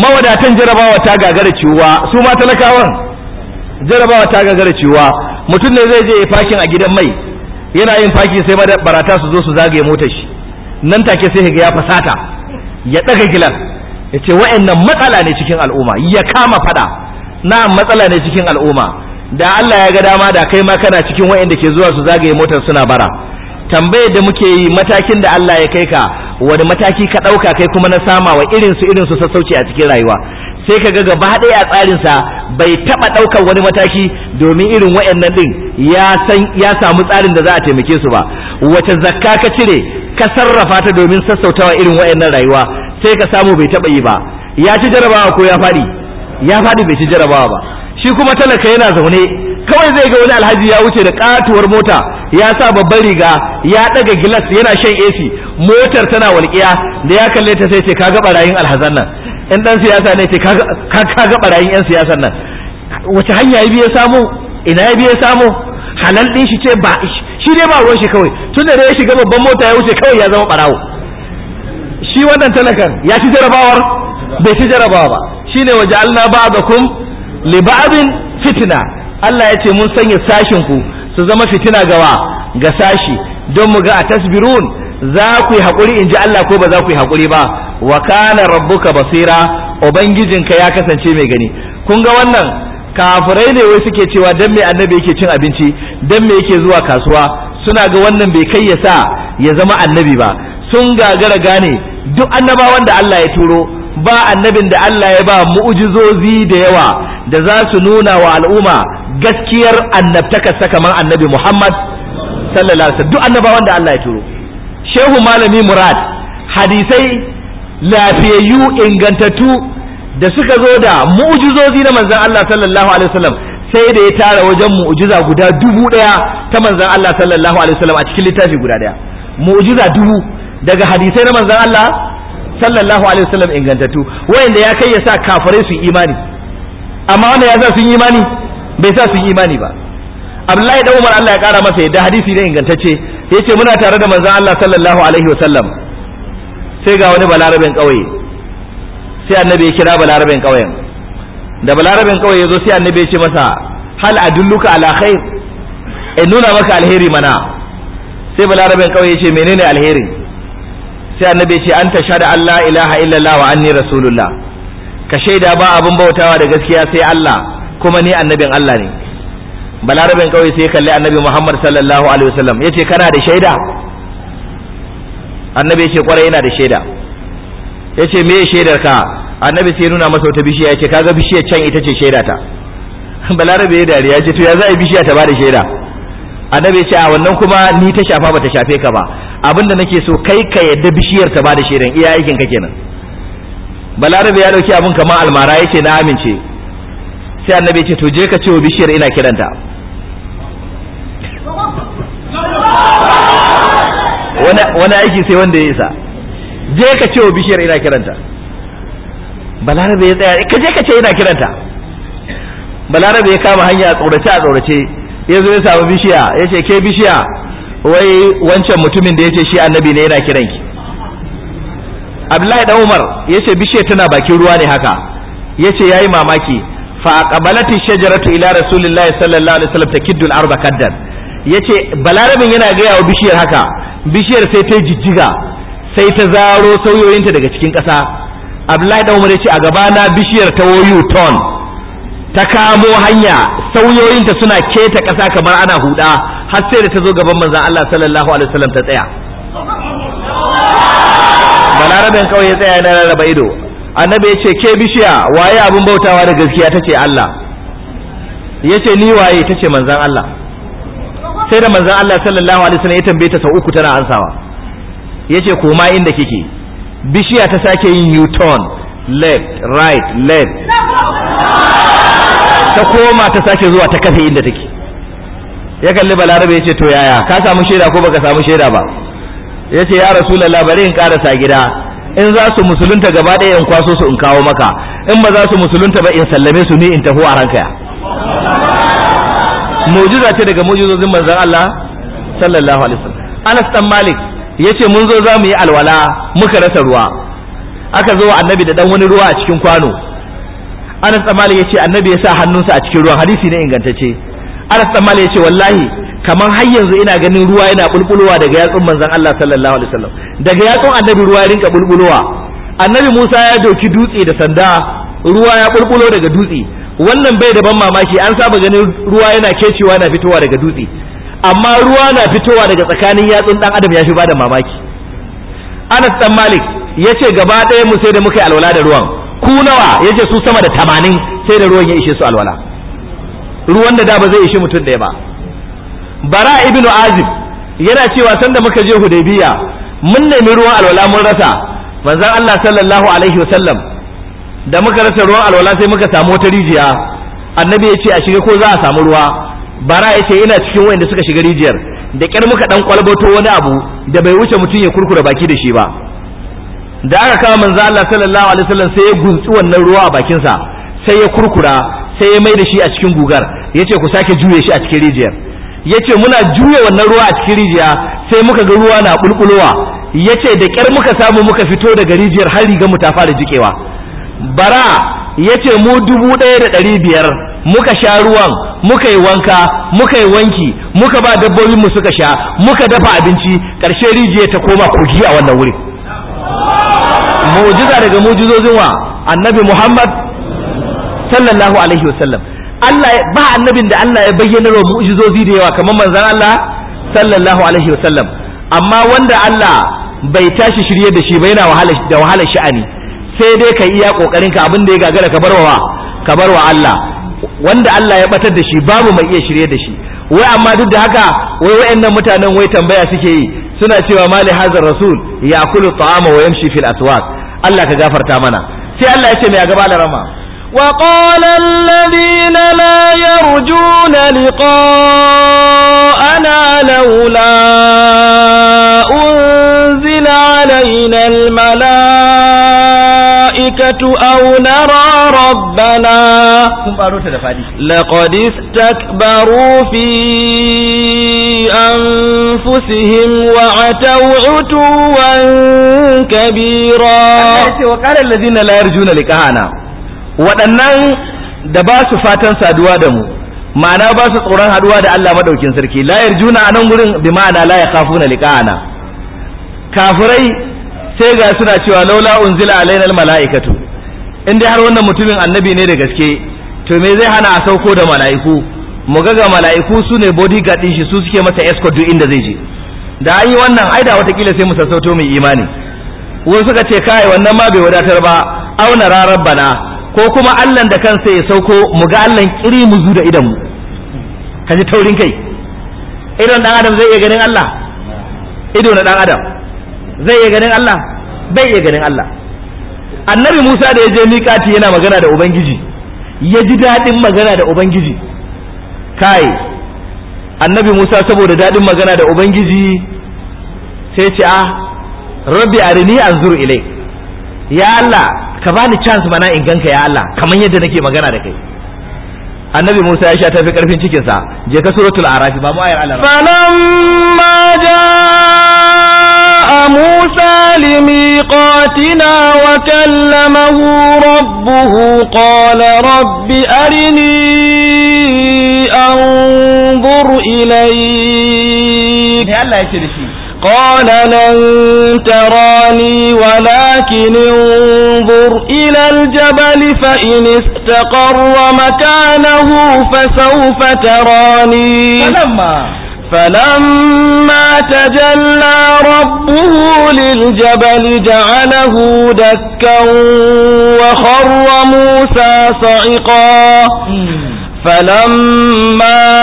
mawadatan jarabawa ta gagara ciwa su ma talakawan jarabawa ta gagara ciwa mutum ne zai je ya fakin a gidan mai yana yin faki sai barata su zo su zagaye motar shi nan take sai ya ga ya fasata ya daga gilan ya ce wa'annan matsala ne cikin al'umma ya kama fada na matsala ne cikin al'umma da Allah ya ga dama da kai ma kana cikin wa'anda ke zuwa su zagaye motar suna bara tambayar da muke yi matakin da Allah ya kai ka wani mataki ka ɗauka kai kuma na sama wa irinsu su sassauci a cikin rayuwa sai ka ga gaba daya a tsarin sa bai taba ɗaukar wani mataki domin irin wa'annan ɗin ya san ya samu tsarin da za a taimake su ba wace zakka ka cire ka sarrafa ta domin sassautawa irin wa'annan rayuwa sai ka samu bai taɓa yi ba ya ci jarabawa ko ya faɗi ya faɗi bai ci jarabawa ba shi kuma talaka yana zaune kawai zai ga wani alhaji ya wuce da katuwar mota ya sa babban riga ya daga gilas yana shan AC motar tana walƙiya da ya kalle ta sai ce ka ga barayin alhazan nan ɗan dan siyasa ne ce ka ka ga barayin yan siyasan nan wace hanya ya biya samu ina ya biya samu halal din shi ce ba shi dai ba ruwan shi kawai tun da ya shiga babban mota ya wuce kawai ya zama barawo shi wannan talakan ya ci jarabawar bai ci jarabawa ba ne waje alna ba'dakum li fitina Allah ya ce mun sanya sashin ku su zama fitina gawa ga sashi don mu ga a tasbirun za ku yi haƙuri in ji Allah ko ba za ku yi haƙuri ba wa kana rabbuka basira ubangijinka ya kasance mai gani kun ga wannan kafirai ne wai suke cewa dan me annabi yake cin abinci dan me yake zuwa kasuwa suna ga wannan bai kai ya sa ya zama annabi ba sun gagara gane duk annabawan da Allah ya turo ba annabin da Allah ya ba mu'ujizozi da yawa da za su nuna wa al'umma gaskiyar annabtakarsa kamar annabi Muhammad sallallahu alaihi duk annabawan da Allah ya turo shehu malami murad hadisai lafiyayyu ingantattu da suka zo da mu'jizozi na manzon Allah sallallahu alaihi wasallam sai da ya tara wajen mu'jiza guda dubu daya ta manzon Allah sallallahu alaihi wasallam a cikin littafi guda daya mu'jiza dubu daga hadisai na manzon Allah sallallahu alaihi wasallam ingantattu wanda ya kai ya sa kafirai su imani amma wanda ya sa sun yi imani bai sa sun yi imani ba Abdullahi da Umar Allah ya kara masa yadda hadisi ne ingantacce yace muna tare da manzon Allah sallallahu alaihi wasallam sai ga wani balarabin kauye sai annabi ya kira balarabin kauyen da balarabin kauye yazo sai annabi ya ce masa hal adulluka ala khair in nuna maka alheri mana sai balarabin kauye ya ce menene alheri sai annabi ya ce anta shada Allah ilaha illallah wa anni rasulullah ka shaida ba abin bautawa da gaskiya sai Allah kuma ni annabin Allah ne balarabin kawai sai kalli annabi Muhammad sallallahu alaihi wasallam yace kana da shaida annabi yace kwarai yana da shaida yace me shaidar ka annabi sai nuna masa wata bishiya yace kaga bishiyar can ita ce shaida ta balarabe ya dariya yace to ya za a bishiya ta bada shaida annabi yace a wannan kuma ni ta shafa bata shafe ka ba abinda nake so kai ka yadda bishiyar ta bada shaidan iya aikin ka kenan balarabe ya dauki abin kamar almara yake na amince sai annabi ce to je ka ce wa bishiyar ina kiranta wani aiki sai wanda ya isa je ka ce wa bishiyar ina kiranta balarabe ya tsaya ka je ka ce ina kiranta balarabe ya kama hanya a tsorace a tsorace ya zo ya samu bishiya ya ce ke bishiya wai wancan mutumin da ya ce shi annabi ne yana kiranki abdullahi dan umar yace bishiyar tana bakin ruwa ne haka yace yayi mamaki fa aqbalati shajaratu ila rasulillahi sallallahu alaihi wasallam takiddu al-ardh kaddan yace balarabin yana ga yawo bishiyar haka bishiyar sai ta jijjiga sai ta zaro sauyoyinta daga cikin ƙasa abdullahi dan umar ce a gaba na bishiyar ta wayu ton ta kamo hanya sauyoyinta suna keta ƙasa kamar ana huda har sai da ta zo gaban manzon Allah sallallahu alaihi wasallam ta tsaya balarabin kawai ya tsaya na rarraba ido annabi ya ce ke bishiya waye abin bautawa da gaskiya ta ce Allah ya ce ni waye ta ce manzan Allah sai da manzan Allah sallallahu alaihi wasallam ya tambaye ta sau uku tana ansawa ya ce koma inda kike bishiya ta sake yin u-turn left right left ta koma ta sake zuwa ta kafe inda take ya kalli balarabe ya ce to yaya ka samu shaida ko baka samu shaida ba ya ce ya rasulallah bari in karasa gida in za su musulunta gaba ɗaya in kwaso su in kawo maka in ba za su musulunta ba in sallame su ni in taho a ranka mujiza ce daga mujizozin manzon Allah sallallahu alaihi wasallam Anas dan Malik yace mun zo za mu yi alwala muka rasa ruwa aka zo annabi da dan wani ruwa a cikin kwano Anas dan Malik yace annabi ya sa hannunsa a cikin ruwan hadisi ne ingantacce Anas dan Malik yace wallahi kamar har yanzu ina ganin ruwa yana bulbulowa daga yatsun manzon Allah sallallahu alaihi wasallam daga yatsun annabi ruwa ya rinka bulbulowa annabi Musa ya doki dutse da sanda ruwa ya bulbulo daga dutse wannan bai da ban mamaki an saba ganin ruwa yana kecewa yana fitowa daga dutse amma ruwa na fitowa daga tsakanin yatsun dan adam ya fi da mamaki Anas dan Malik yace gaba ɗaya mu sai da muka yi alwala da ruwan ku nawa yace su sama da 80 sai da ruwan ya ishe su alwala ruwan da da ba zai ishe mutum da ba bara ibn azib yana cewa sanda muka je hudaybiya mun nemi ruwan alwala mun rasa manzon Allah sallallahu alaihi wasallam da muka rasa ruwan alwala sai muka samu wata rijiya annabi ya ce a shiga ko za a samu ruwa bara ya ce ina cikin wayanda suka shiga rijiyar da kyar muka dan kwalbato wani abu da bai wuce mutum ya kurkura baki da shi ba da aka kama manzon Allah sallallahu alaihi wasallam sai ya guntsu wannan ruwa a bakinsa sai ya kurkura sai ya mai da shi a cikin gugar yace ku sake juye shi a cikin rijiyar yace muna juya wannan ruwa a cikin rijiya sai muka ga ruwa na bulbulowa yace da kyar muka samu muka fito daga rijiyar har riga mu ta fara jikewa bara yace mu dubu ɗaya da ɗari biyar muka sha ruwan muka yi wanka muka yi wanki muka ba dabbobin mu suka sha muka dafa abinci ƙarshe rijiya ta koma kogi a wannan wuri mu'jiza daga mu'jizozin wa annabi Muhammad sallallahu alaihi wasallam Allah ba annabin da Allah ya bayyana wa mu'jizozi da yawa kamar manzon Allah sallallahu alaihi wasallam amma wanda Allah bai tashi shirye da shi ba yana wahala da wahala sha'ani sai dai ka iya kokarin ka abin da ya gagara ka barwa ka barwa Allah wanda Allah ya batar da shi babu mai iya shirye da shi wai amma duk da haka wai wayannan mutanen wai tambaya suke yi suna cewa mali hazar rasul ya kulu ta'ama wa yamshi fil aswaq Allah ka gafarta mana sai Allah ya ce mai gaba da rama وقال الذين لا يرجون لقاءنا لولا أنزل علينا الملائكة أو نرى ربنا لقد استكبروا في أنفسهم وعتوا عتوا كبيرا وقال الذين لا يرجون لقاءنا waɗannan da ba su fatan saduwa da mu ma'ana ba su tsoron haduwa da Allah madaukin sarki la yarjuna anan gurin bi ma'ana la yakhafuna liqa'ana kafirai sai ga suna cewa laula unzila alaina almalaikatu in dai har wannan mutumin annabi ne da gaske to me zai hana a sauko da mala'iku mu ga ga mala'iku su ne bodyguard din shi su suke masa escort duk inda zai je da an yi wannan ai da watakila sai mu sassauto mai imani wasu suka ce kai wannan ma bai wadatar ba auna rarabbana bana ko kuma Allah da kansa ya sauko mu ga Allah kiri mu zu da idan mu ka ji taurin kai idon dan adam zai iya ganin Allah ido na dan adam zai iya ganin Allah bai iya ganin Allah annabi Musa da ya je miƙati yana magana da ubangiji ya ji daɗin magana da ubangiji kai annabi Musa saboda daɗin magana da ubangiji sai ce a ah, rabbi arini anzur ilai ya Allah ka bani chance mana in ganka ya Allah kamar yadda nake magana da kai annabi Musa ya sha tafi karfin cikin sa je ka suratul araf ba mu ayar Allah falamma jaa Musa limiqatina wa kallamahu rabbuhu qala rabbi arini anzur ilayk Allah ya ce قال لن تراني ولكن انظر إلى الجبل فإن استقر مكانه فسوف تراني فلما فلما تجلى ربه للجبل جعله دكا وخر موسى صعقا فلما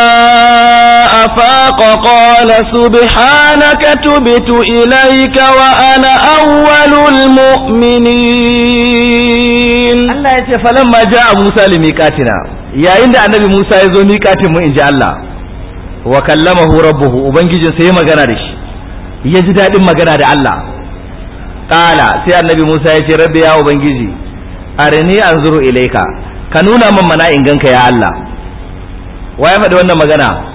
أفاق قال سبحانك تبت إليك وأنا أول المؤمنين الله يتفى فلما جاء موسى لميقاتنا يا عند النبي موسى يزو ميقات من جاء الله وكلمه ربه وبنجي سيما غنرش يجد هذه مغنى الله قال سي النبي موسى يتي ربي يا وبنجي أرني أنظر إليك ka من منا mana يا الله ya wa ya faɗi wannan magana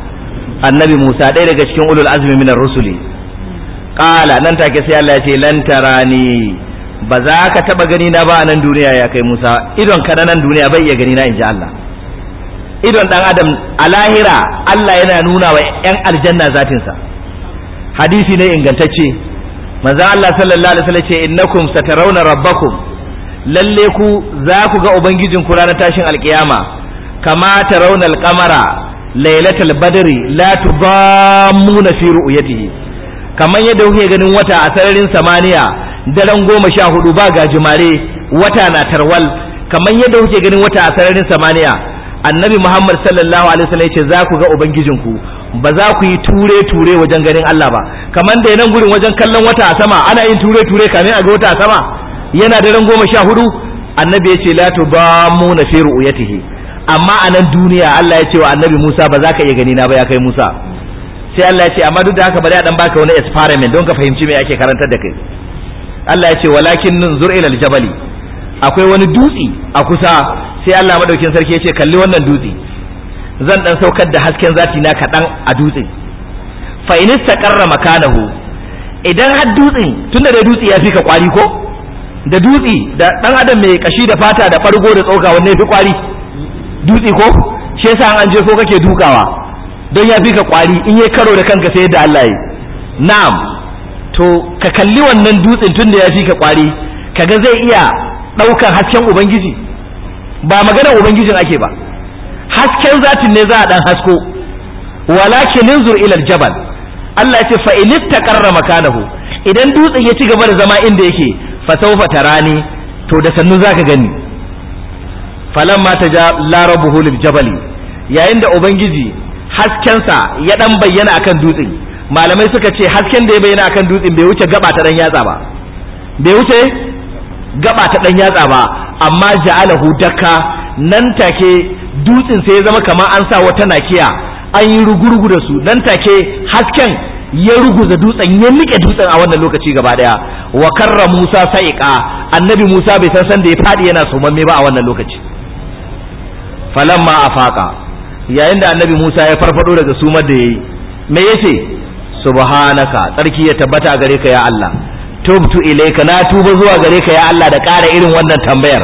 annabi Musa ɗaya daga cikin ulul azmi minar rusuli qala nan take sai Allah ya ce lan tarani ba za ka taba gani na ba a nan duniya ya kai Musa idon ka na nan duniya bai iya gani na inji Allah idon dan adam a lahira Allah yana nuna wa yan aljanna zatinsa hadisi ne ingantacce manzo Allah sallallahu alaihi wasallam ce innakum satarawna rabbakum lalle ku za ku ga Ubangijin ku ranar tashin alkiyama kama tarawna alqamara lailatul badri la tudammuna fi ru'yatihi kamar yadda kuke ganin wata a sararin samaniya daren goma sha hudu ba gajimare wata na tarwal kamar yadda kuke ganin wata a sararin samaniya annabi muhammad sallallahu alaihi wasallam yace za ku ga ubangijinku ba za ku yi ture ture wajen ganin Allah ba kamar da nan gurin wajen kallon wata a sama ana yin ture ture kamin a ga wata a sama yana daren goma sha hudu annabi yace la tudammuna fi ru'yatihi amma a nan duniya Allah ya ce wa annabi Musa ba za ka iya gani na ba ya kai Musa sai Allah ya ce amma duk da haka bari a dan baka wani experiment don ka fahimci me ake karantar da kai Allah ya ce walakin zur ila aljabali akwai wani dutse a kusa sai Allah madaukin sarki ya ce kalli wannan dutse zan dan saukar da hasken zati na kadan a dutse fa in istaqarra makanahu idan har dutsen tunda da dutse ya fi ka kwari ko da dutse da dan adam mai kashi da fata da fargo da tsoka wanne fi kwari dutse ko shi yasa an je ko kake dukawa don ya fi ka kwari in yi karo da kanka sai yadda Allah yi na'am to ka kalli wannan dutsen tun da ya fi ka kwari kaga zai iya ɗaukan hasken ubangiji ba magana ubangijin ake ba hasken zatin ne za a dan hasko walakin inzur ila jabal Allah ya ce fa in istaqarra makanahu idan dutsen ya ci gaba da zama inda yake fa sawfa tarani to da sannu zaka gani falan ma ta rabbuhu lil jabali yayin da ubangiji sa ya dan bayyana akan dutsen malamai suka ce hasken da ya bayyana akan dutsen bai wuce gaba ta dan yatsa ba bai wuce gaba ta dan yatsa ba amma ja'alahu dakka nan take dutsen sai ya zama kamar an sa wata nakiya an yi rugurgu da su nan take hasken ya ruguza dutsen ya nike dutsen a wannan lokaci gaba daya wa karra Musa sa'iqa annabi Musa bai san san da ya fadi yana sumamme ba a wannan lokaci falamma afaqa yayin da annabi Musa ya farfado daga sumar da yayi me yace subhanaka tsarki ya tabbata gare ka ya Allah tubtu ilayka na tuba zuwa gare ka ya Allah da ƙara irin wannan tambayar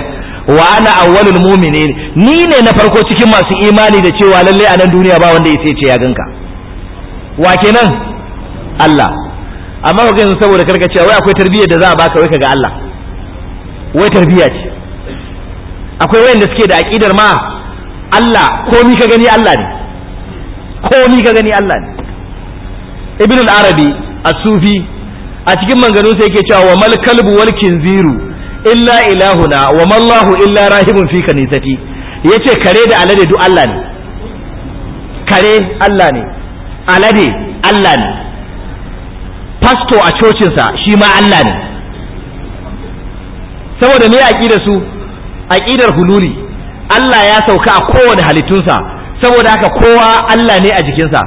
wa ana awwalul mu'minin ni ne na farko cikin masu imani da cewa lalle a nan duniya ba wanda yace ce ya ganka wa kenan Allah amma ga yanzu saboda karka cewa wai akwai tarbiyyar da za a baka wai kaga Allah wai tarbiyya ce akwai wayanda suke da aqidar ma Allah ko ni ka gani Allah ne ko ni ka gani Allah ne ibn al-arabi as-sufi a cikin manganu sai yake cewa wa mal kalbu wal kinziru illa ilahuna wa mallahu illa rahimun fi kanisati yace kare da alade duk Allah ne kare Allah ne alade Allah ne pasto a cocinsa shi ma Allah ne saboda me aqidar su aqidar hululi Allah ya sauka a kowane halittunsa saboda haka kowa Allah ne a jikinsa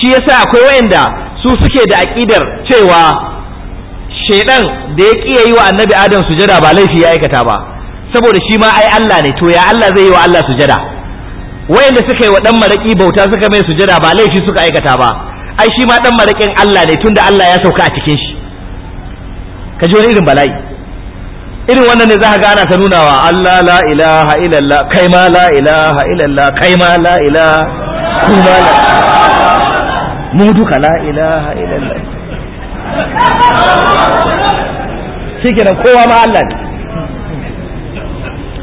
shi yasa akwai wayanda su suke da aƙidar cewa shaidan da ya ƙiya yi wa annabi adam sujada ba laifi ya aikata ba saboda shi ma ai Allah ne to ya Allah zai yi wa Allah sujada wayanda suka yi wa dan maraki bauta suka mai sujada ba laifi suka aikata ba ai shi ma dan marakin Allah ne tunda Allah ya sauka a cikin shi ka ji wani irin bala'i irin wannan ne za ka gana ta nunawa Allah la ilaha illallah kai ma la ilaha illallah kai ma la ilaha kuma la mu duka la ilaha illallah shi kenan kowa ma Allah ne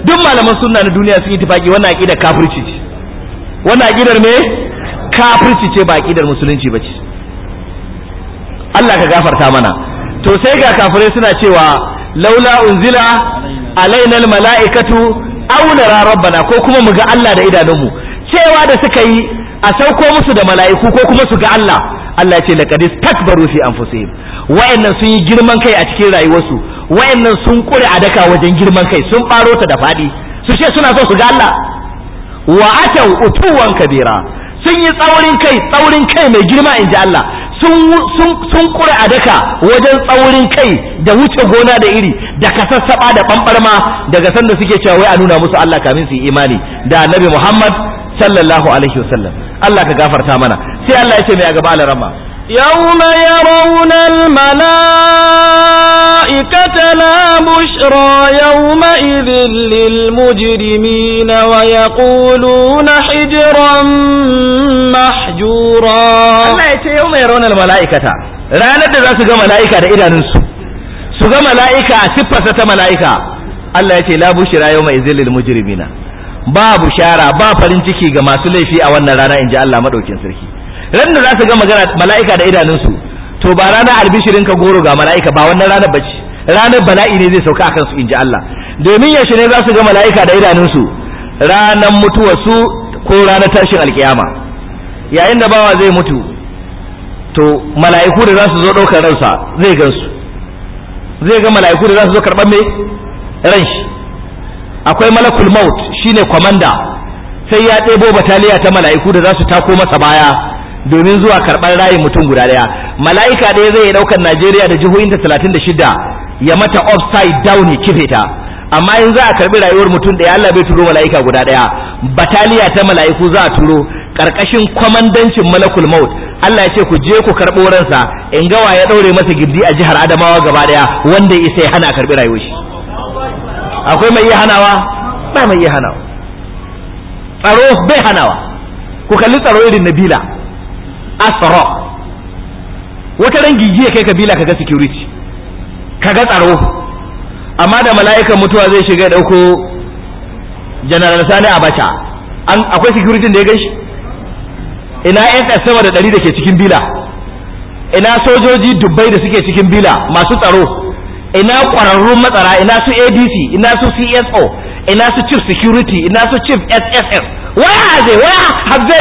duk malaman sunna na duniya sun yi tufaki wannan aqidar kafirci ce wannan aqidar me kafirci ce ba aqidar musulunci bace. Allah ka gafarta mana to sai ga kafirai suna cewa laula unzila alaina almalaikatu aw nara rabbana ko kuma mu ga Allah da idanunmu cewa da suka yi a sauko musu da mala'iku ko kuma su ga Allah Allah ce laqad istakbaru fi anfusihim wayannan sun yi girman kai a cikin rayuwarsu wayannan sun kure a daka wajen girman kai sun faro ta da fadi su ce suna so su ga Allah wa atau utuwan kabira sun yi tsaurin kai tsaurin kai mai girma inji Allah sun kura a daka wajen tsaurin kai da wuce gona da iri da sassaɓa da ɓanɓarma daga sanda suke cewa wai a nuna musu Allah kamin su yi imani da annabi Muhammad sallallahu alaihi wasallam Allah ka gafarta mana sai Allah ya ce mai a gaba alarama يوم يرون الملائكة لا بشرى يومئذ للمجرمين ويقولون حجرا محجورا الله يتي يوم يرون الملائكة رانا تزاسو جا ملائكة دا إذا ننسو سجا ملائكة سبسة ملائكة الله يتي لا بشرى يومئذ للمجرمين ba bushara ba farin ciki ga masu laifi a wannan rana in ji Allah madaukin sarki ran da za su ga magana mala'ika da idanunsu to ba rana albishirin ka goro ga mala'ika ba wannan ranar bace ranar bala'i ne zai sauka kansu, in inji Allah domin yaushe ne za su ga mala'ika da idanunsu ranar mutuwarsu ko ranar tashin alkiyama yayin da bawa zai mutu to mala'iku da za su zo ɗaukar ransa zai gansu zai ga mala'iku da za su zo karɓar me ran shi akwai malakul maut shine kwamanda sai ya ɗebo bataliya ta mala'iku da za su tako masa baya domin zuwa karɓar rayin mutum guda ɗaya mala'ika ɗaya zai ɗaukar najeriya da jihohinta talatin da shida ya mata upside down ya kife ta amma in za a karɓi rayuwar mutum ɗaya allah bai turo mala'ika guda ɗaya bataliya ta mala'iku za a turo ƙarƙashin kwamandancin malakul maut allah ya ce ku je ku karɓo ransa in gawa ya ɗaure masa gindi a jihar adamawa gaba ɗaya wanda ya isa ya hana karɓi rayuwar shi akwai mai iya hanawa ba mai iya hanawa tsaro bai hanawa ku kalli tsaro irin nabila asra wata ran gigiya kai kabila kaga security kaga tsaro amma da mala'ikan mutuwa zai shiga dauko general sani abacha an akwai security da ya gaishe ina ss sama da ɗari da ke cikin bila ina sojoji dubbai da suke cikin bila masu tsaro ina kwararrun matsara ina su adc ina su cso ina su chief security ina su chief sss Waya haze waya where have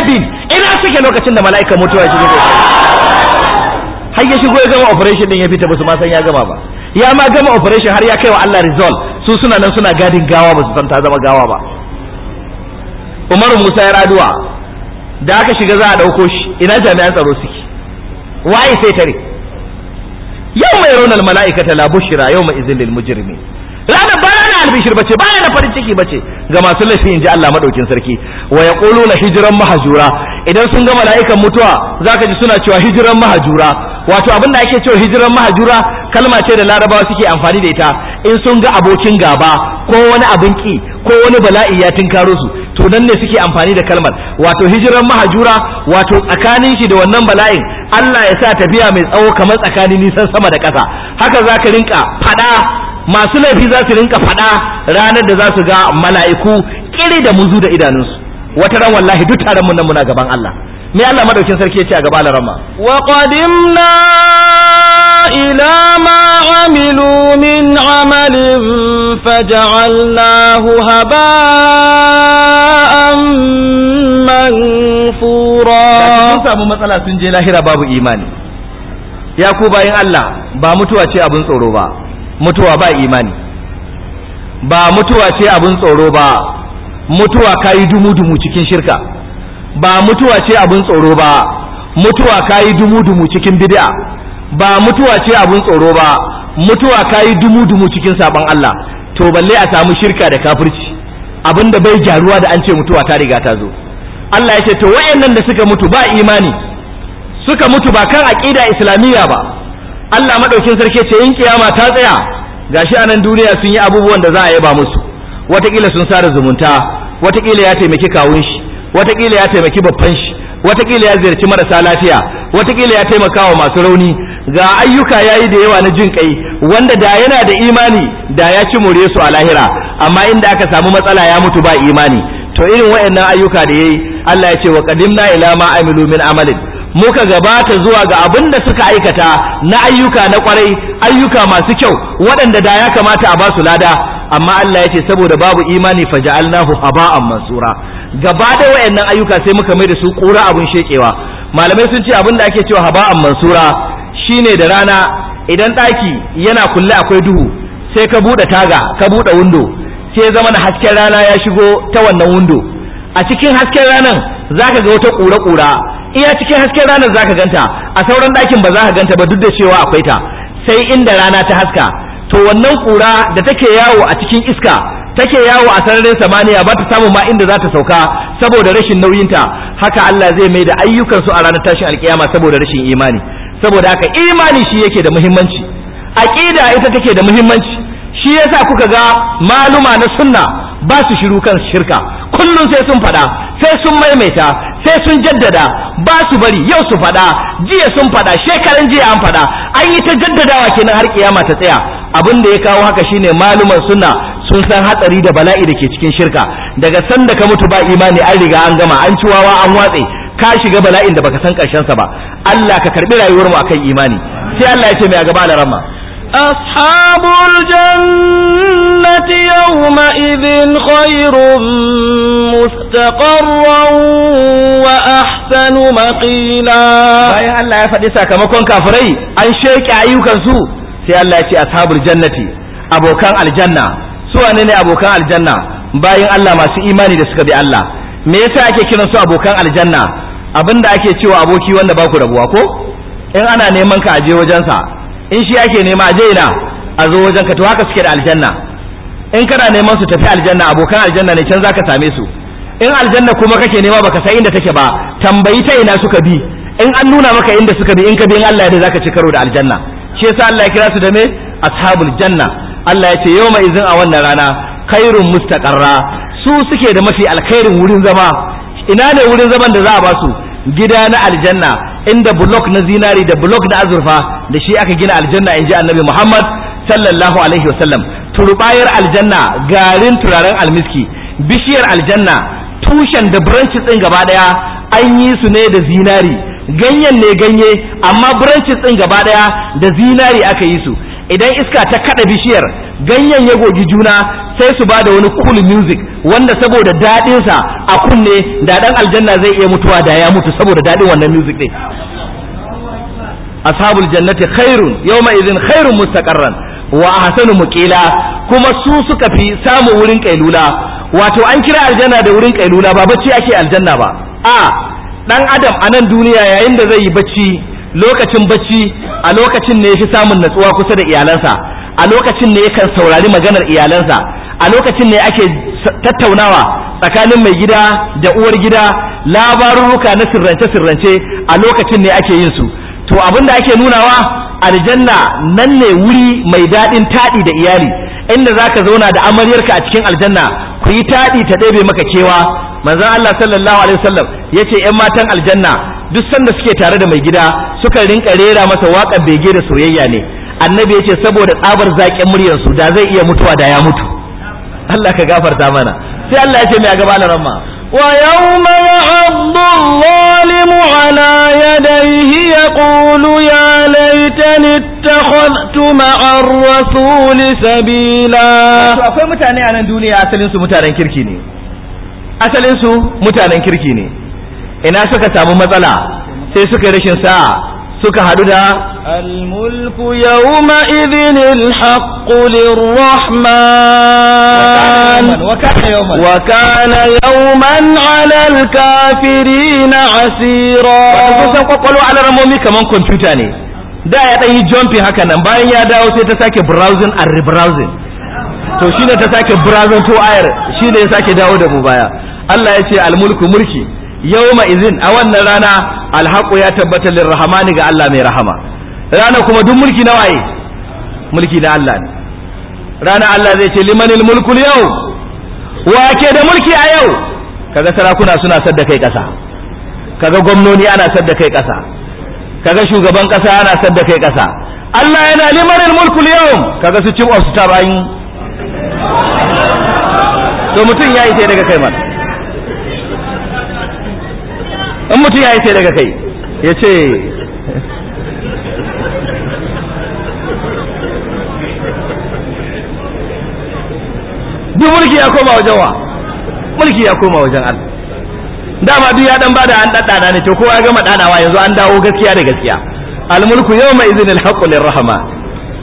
ina suke lokacin da mala'ika mutuwa ya shigo har ya shigo ya gama operation din ya fita ba su ma san ya gama ba ya ma gama operation har ya kai wa Allah result su suna nan suna gadin gawa ba su san ta zama gawa ba Umar Musa ya raduwa da aka shiga za a dauko shi ina jami'an tsaro suke waye sai tare yau mai raunar mala'ikata la bushira yau mai izin lil mujrimin ranar ba na albishir bace ba na farin ciki bace ga masu laifi in ji Allah madaukin sarki wa ya na hijran mahajura idan sun ga mala'ikan mutuwa zaka ji suna cewa hijran mahajura wato abin da ake cewa hijran mahajura kalma ce da larabawa suke amfani da ita in sun ga abokin gaba ko wani abin ki ko wani bala'i ya tinkaro su to nan ne suke amfani da kalmar wato hijiran mahajura wato tsakanin shi da wannan bala'in Allah ya sa tafiya mai tsawo kamar tsakanin nisan sama da ƙasa haka za ka rinka faɗa masu laifi za su rinka faɗa ranar da za su ga mala'iku kiri da muzu da idanunsu wata ran wallahi duk taron mun nan muna gaban Allah me Allah madaukin sarki ya ce a gaba da rama wa qadimna ila ma amilu min amalin faj'alnahu haba'an mansura sun samu matsala sun je lahira babu imani ya ku bayin Allah ba mutuwa ce abin tsoro ba mutuwa ba imani ba mutuwa ce abin tsoro ba mutuwa kayi dumu dumu cikin shirka ba mutuwa ce abin tsoro ba mutuwa kayi dumu dumu cikin bid'a ba mutuwa ce abin tsoro ba mutuwa kayi dumu dumu cikin saban Allah to balle a samu shirka da kafirci abinda bai gyaruwa da an ce mutuwa ta riga ta zo Allah ya ce to wayannan da suka mutu ba imani suka mutu ba kan aqida islamiyya ba Allah madaukin sarki ce yin kiyama ta tsaya gashi anan duniya sun yi abubuwan da za a yaba musu watakila sun sare zumunta watakila ya taimaki kawun shi watakila ya taimaki babban shi watakila ya ziyarci marasa lafiya watakila ya taimaka wa masu rauni ga ayyuka ya yi da yawa na jin kai wanda da yana da imani da ya ci more su a lahira amma inda aka samu matsala ya mutu ba imani to irin wayannan ayyuka da ya yi, Allah ya ce wa qadimna ila ma amilu min amalin muka gabata zuwa ga abin da suka aikata na ayyuka na kwarai ayyuka masu kyau waɗanda da ya kamata a ba su lada amma Allah ya ce saboda babu imani faja'alnahu haba'an mansura gaba da wayannan ayyuka sai muka mai da su kura abun shekewa malamai sun ce abin da ake cewa haba an mansura shine da rana idan ɗaki yana kulle akwai duhu sai ka buɗe taga ka buɗe windo sai zama na hasken rana ya shigo ta wannan windo a cikin hasken ranan zaka ga wata kura-kura iya cikin hasken ranan zaka ganta a sauran ɗakin ba za ka ganta ba duk da cewa akwai ta sai inda rana ta haska to wannan kura da take yawo a cikin iska take yawo a sararin samaniya ba ta samu ma inda za ta sauka saboda rashin nauyinta haka Allah zai mai da ayyukan su a ranar tashin alkiyama saboda rashin imani saboda haka imani shi yake da muhimmanci aqida ita take da muhimmanci shi yasa kuka ga maluma na sunna ba su shiru kan shirka kullum sai sun faɗa sai sun maimaita sai sun jaddada ba su bari yau su faɗa jiya sun faɗa shekaran jiya an faɗa an yi ta jaddadawa kenan har kiyama ta tsaya abin da ya kawo haka shine maluman sunna sun san hatsari da bala'i da ke cikin shirka daga sanda ka mutu ba imani an riga an gama an ci wawa an watse ka shiga bala'in da baka san sa ba Allah ka karbi rayuwar mu akan imani sai Allah ya ce mai a gaba da jannati yawma idhin يومئذ mustaqarran wa ahsanu maqila bayan Allah ya faɗi sakamakon kafirai an sheke ayyukan su sai Allah ya ce ashabul jannati abokan aljanna su wane ne abokan aljanna bayan Allah masu imani da suka bi Allah me yasa ake kiran su abokan aljanna abinda ake cewa aboki wanda baku rabuwa ko in ana neman ka aje wajensa in shi ake nema aje ina a zo wajen ka to haka suke da aljanna in kana neman su tafi aljanna abokan aljanna ne can zaka same su in aljanna kuma kake nema baka san inda take ba tambayi ta ina suka bi in an nuna maka inda suka bi in ka bi in Allah ya da zaka ci karo da aljanna shi yasa Allah ya kira su da me ashabul janna Allah ya ce yau mai izin a wannan rana khairun mustaqarra su suke da mafi alkhairin wurin zama ina ne wurin zaman da za a ba su gida na aljanna inda block na zinari da block na azurfa da shi aka gina aljanna in ji annabi Muhammad sallallahu alaihi wasallam turbayar aljanna garin turaren almiski bishiyar aljanna tushen da branches din gaba daya an yi su ne da zinari ganyen ne ganye amma branches din gaba daya da zinari aka yi su idan iska ta kada bishiyar ganyen ya gogi juna sai su ba da wani cool music wanda saboda daɗinsa a kunne da ɗan aljanna zai iya mutuwa da ya mutu saboda daɗin wannan music din ashabul jannati khairun yawma idhin khairun mustaqarran wa ahsanu muqila kuma su suka fi samu wurin kailula wato an kira aljanna da wurin kailula ba bacci ake aljanna ba a dan adam a nan duniya yayin da zai yi bacci lokacin bacci a lokacin ne yafi samun natsuwa kusa da iyalansa a lokacin ne yakan saurari maganar iyalansa a lokacin ne ake tattaunawa tsakanin mai gida da uwar gida labarurruka na sirrance sirrance a lokacin ne ake yin su to abinda ake nunawa aljanna nan ne wuri mai daɗin taɗi da iyali inda zaka zauna da amaryarka a cikin aljanna ku yi taɗi ta ɗebe maka kewa manzon Allah sallallahu alaihi wasallam ce 'yan matan aljanna duk sanda suke tare da mai gida suka rinka rera masa waƙar bege da soyayya ne annabi ya ce, saboda tsabar zaƙin muryarsu, da zai iya mutuwa da ya mutu Allah ka gafarta mana sai Allah ya ce mai a gaba ramma ويوم يعض الظالم على يديه يقول يا ليتني اتخذت مع الرسول سبيلا akwai mutane a nan duniya asalin su mutanen kirki ne asalin su mutanen kirki ne ina suka samu matsala sai suka yi rashin sa'a suka haɗu da almulku yawma idhin alhaq lirrahman wa kana yawman ala alkafirin asira wato san kwakwalo alarmomi kaman kwamfuta ne da ya ɗan yi haka nan bayan ya dawo sai ta sake browsing and rebrowsing to shine ta sake browsing ko ayar shine ya sake dawo da mu baya Allah ya ce almulku mulki yawma izin a wannan rana alhaqu ya tabbata lirrahmani ga Allah mai rahama rana kuma duk mulki na waye mulki na Allah ne rana Allah zai ce limanil mulku yau wake da mulki a yau kaga sarakuna suna sadda kai kasa kaga gwamnoni ana sadda kai kasa kaga shugaban kasa ana sadda kai kasa Allah yana limanil mulku yau kaga su ci wasu ta bayin to mutum yayi sai daga kai mana in mutum ya yi sai daga kai ya ce duk mulki ya koma wajen wa mulki ya koma wajen al. dama duk ya dan bada an daddada ne to kowa ya gama ɗanawa yanzu an dawo gaskiya da gaskiya almulku yawma izinin alhaqqu rahama.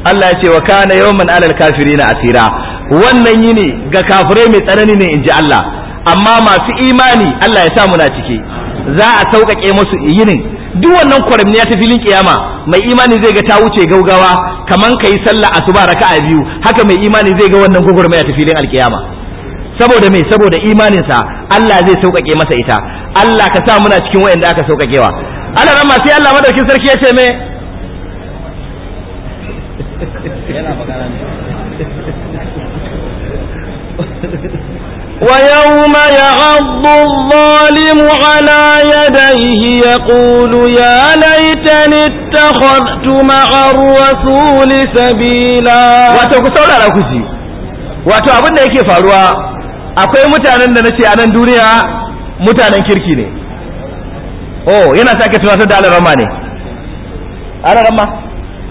Allah ya ce wa kana yawman alal kafirina asira wannan yini ga kafirai mai tsanani ne in ji Allah amma masu imani Allah ya sa muna ciki za a sauƙaƙe musu yinin duk wannan kwaramni ta filin kiyama mai imani zai ga ta wuce gaugawa kaman kai sallah a su ba raka'a biyu haka mai imani zai ga wannan gwagwarmaya ta filin alkiyama saboda me saboda imaninsa Allah zai sauƙaƙe masa ita Allah ka sa muna cikin wayanda aka sauƙaƙewa Allah ran sai Allah madaukin sarki ya ce me ويوم يعض الظالم على يديه يقول يا ليتني اتخذت مع الرسول سبيلا wato ku saurara ku wato abin da yake faruwa akwai mutanen da nace a nan duniya mutanen kirki ne oh yana sake tunatar da alarama ne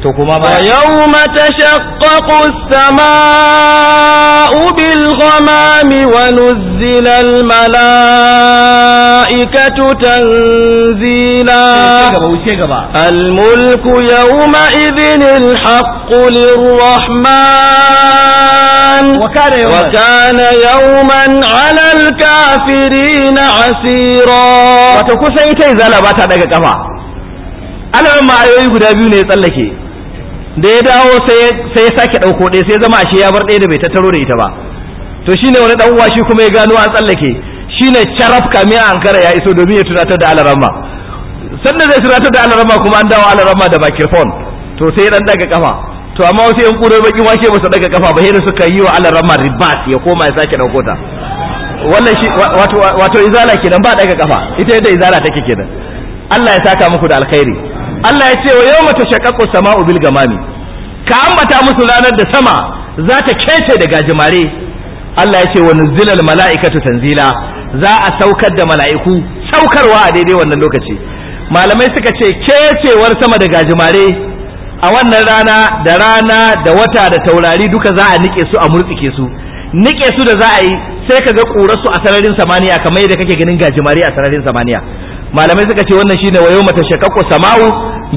to kuma ba yawma tashaqqaqu as-samaa'u bil ghamami wa nuzzila al malaa'ikatu tanzila al mulku yawma idhin al haqqu lirrahman wa kana yawman 'ala al kafirina 'asira wato kusan ita zalaba ta daga kafa alamin ayoyi guda biyu ne tsallake da ya dawo sai ya sake ɗauko ɗaya sai zama ashe ya bar ɗaya da bai tattaro da ita ba to shine wani ɗan uwa shi kuma ya gano an tsallake shine sharaf kame a ankara ya iso domin ya tunatar da alarama sannan zai tunatar da alarama kuma an dawo alarama da bakirfon to sai ya ɗan daga kafa to amma wasu yan kudar bakin wake ba su daga kafa ba da suka yi wa alarama ribas ya koma ya sake ɗauko ta wannan shi wato wato izala kenan ba daga kafa ita yadda izala take kenan Allah ya saka muku da alkhairi Allah ya ce wa yau mata shakaku sama'u ubil gamami ka ambata musu ranar da sama za ta kece da gajimare Allah ya ce wa nuzilal mala'ikatu tanzila za a saukar da mala'iku saukarwa a daidai wannan lokaci malamai suka ce kecewar sama da gajimare a wannan rana da rana da wata da taurari duka za a nike su a murtsike su nike su da za a yi sai ka ga ƙura su a sararin samaniya kamar yadda kake ganin gajimare a sararin samaniya malamai suka ce wannan shine wayo mata tashaqqaqu sama'u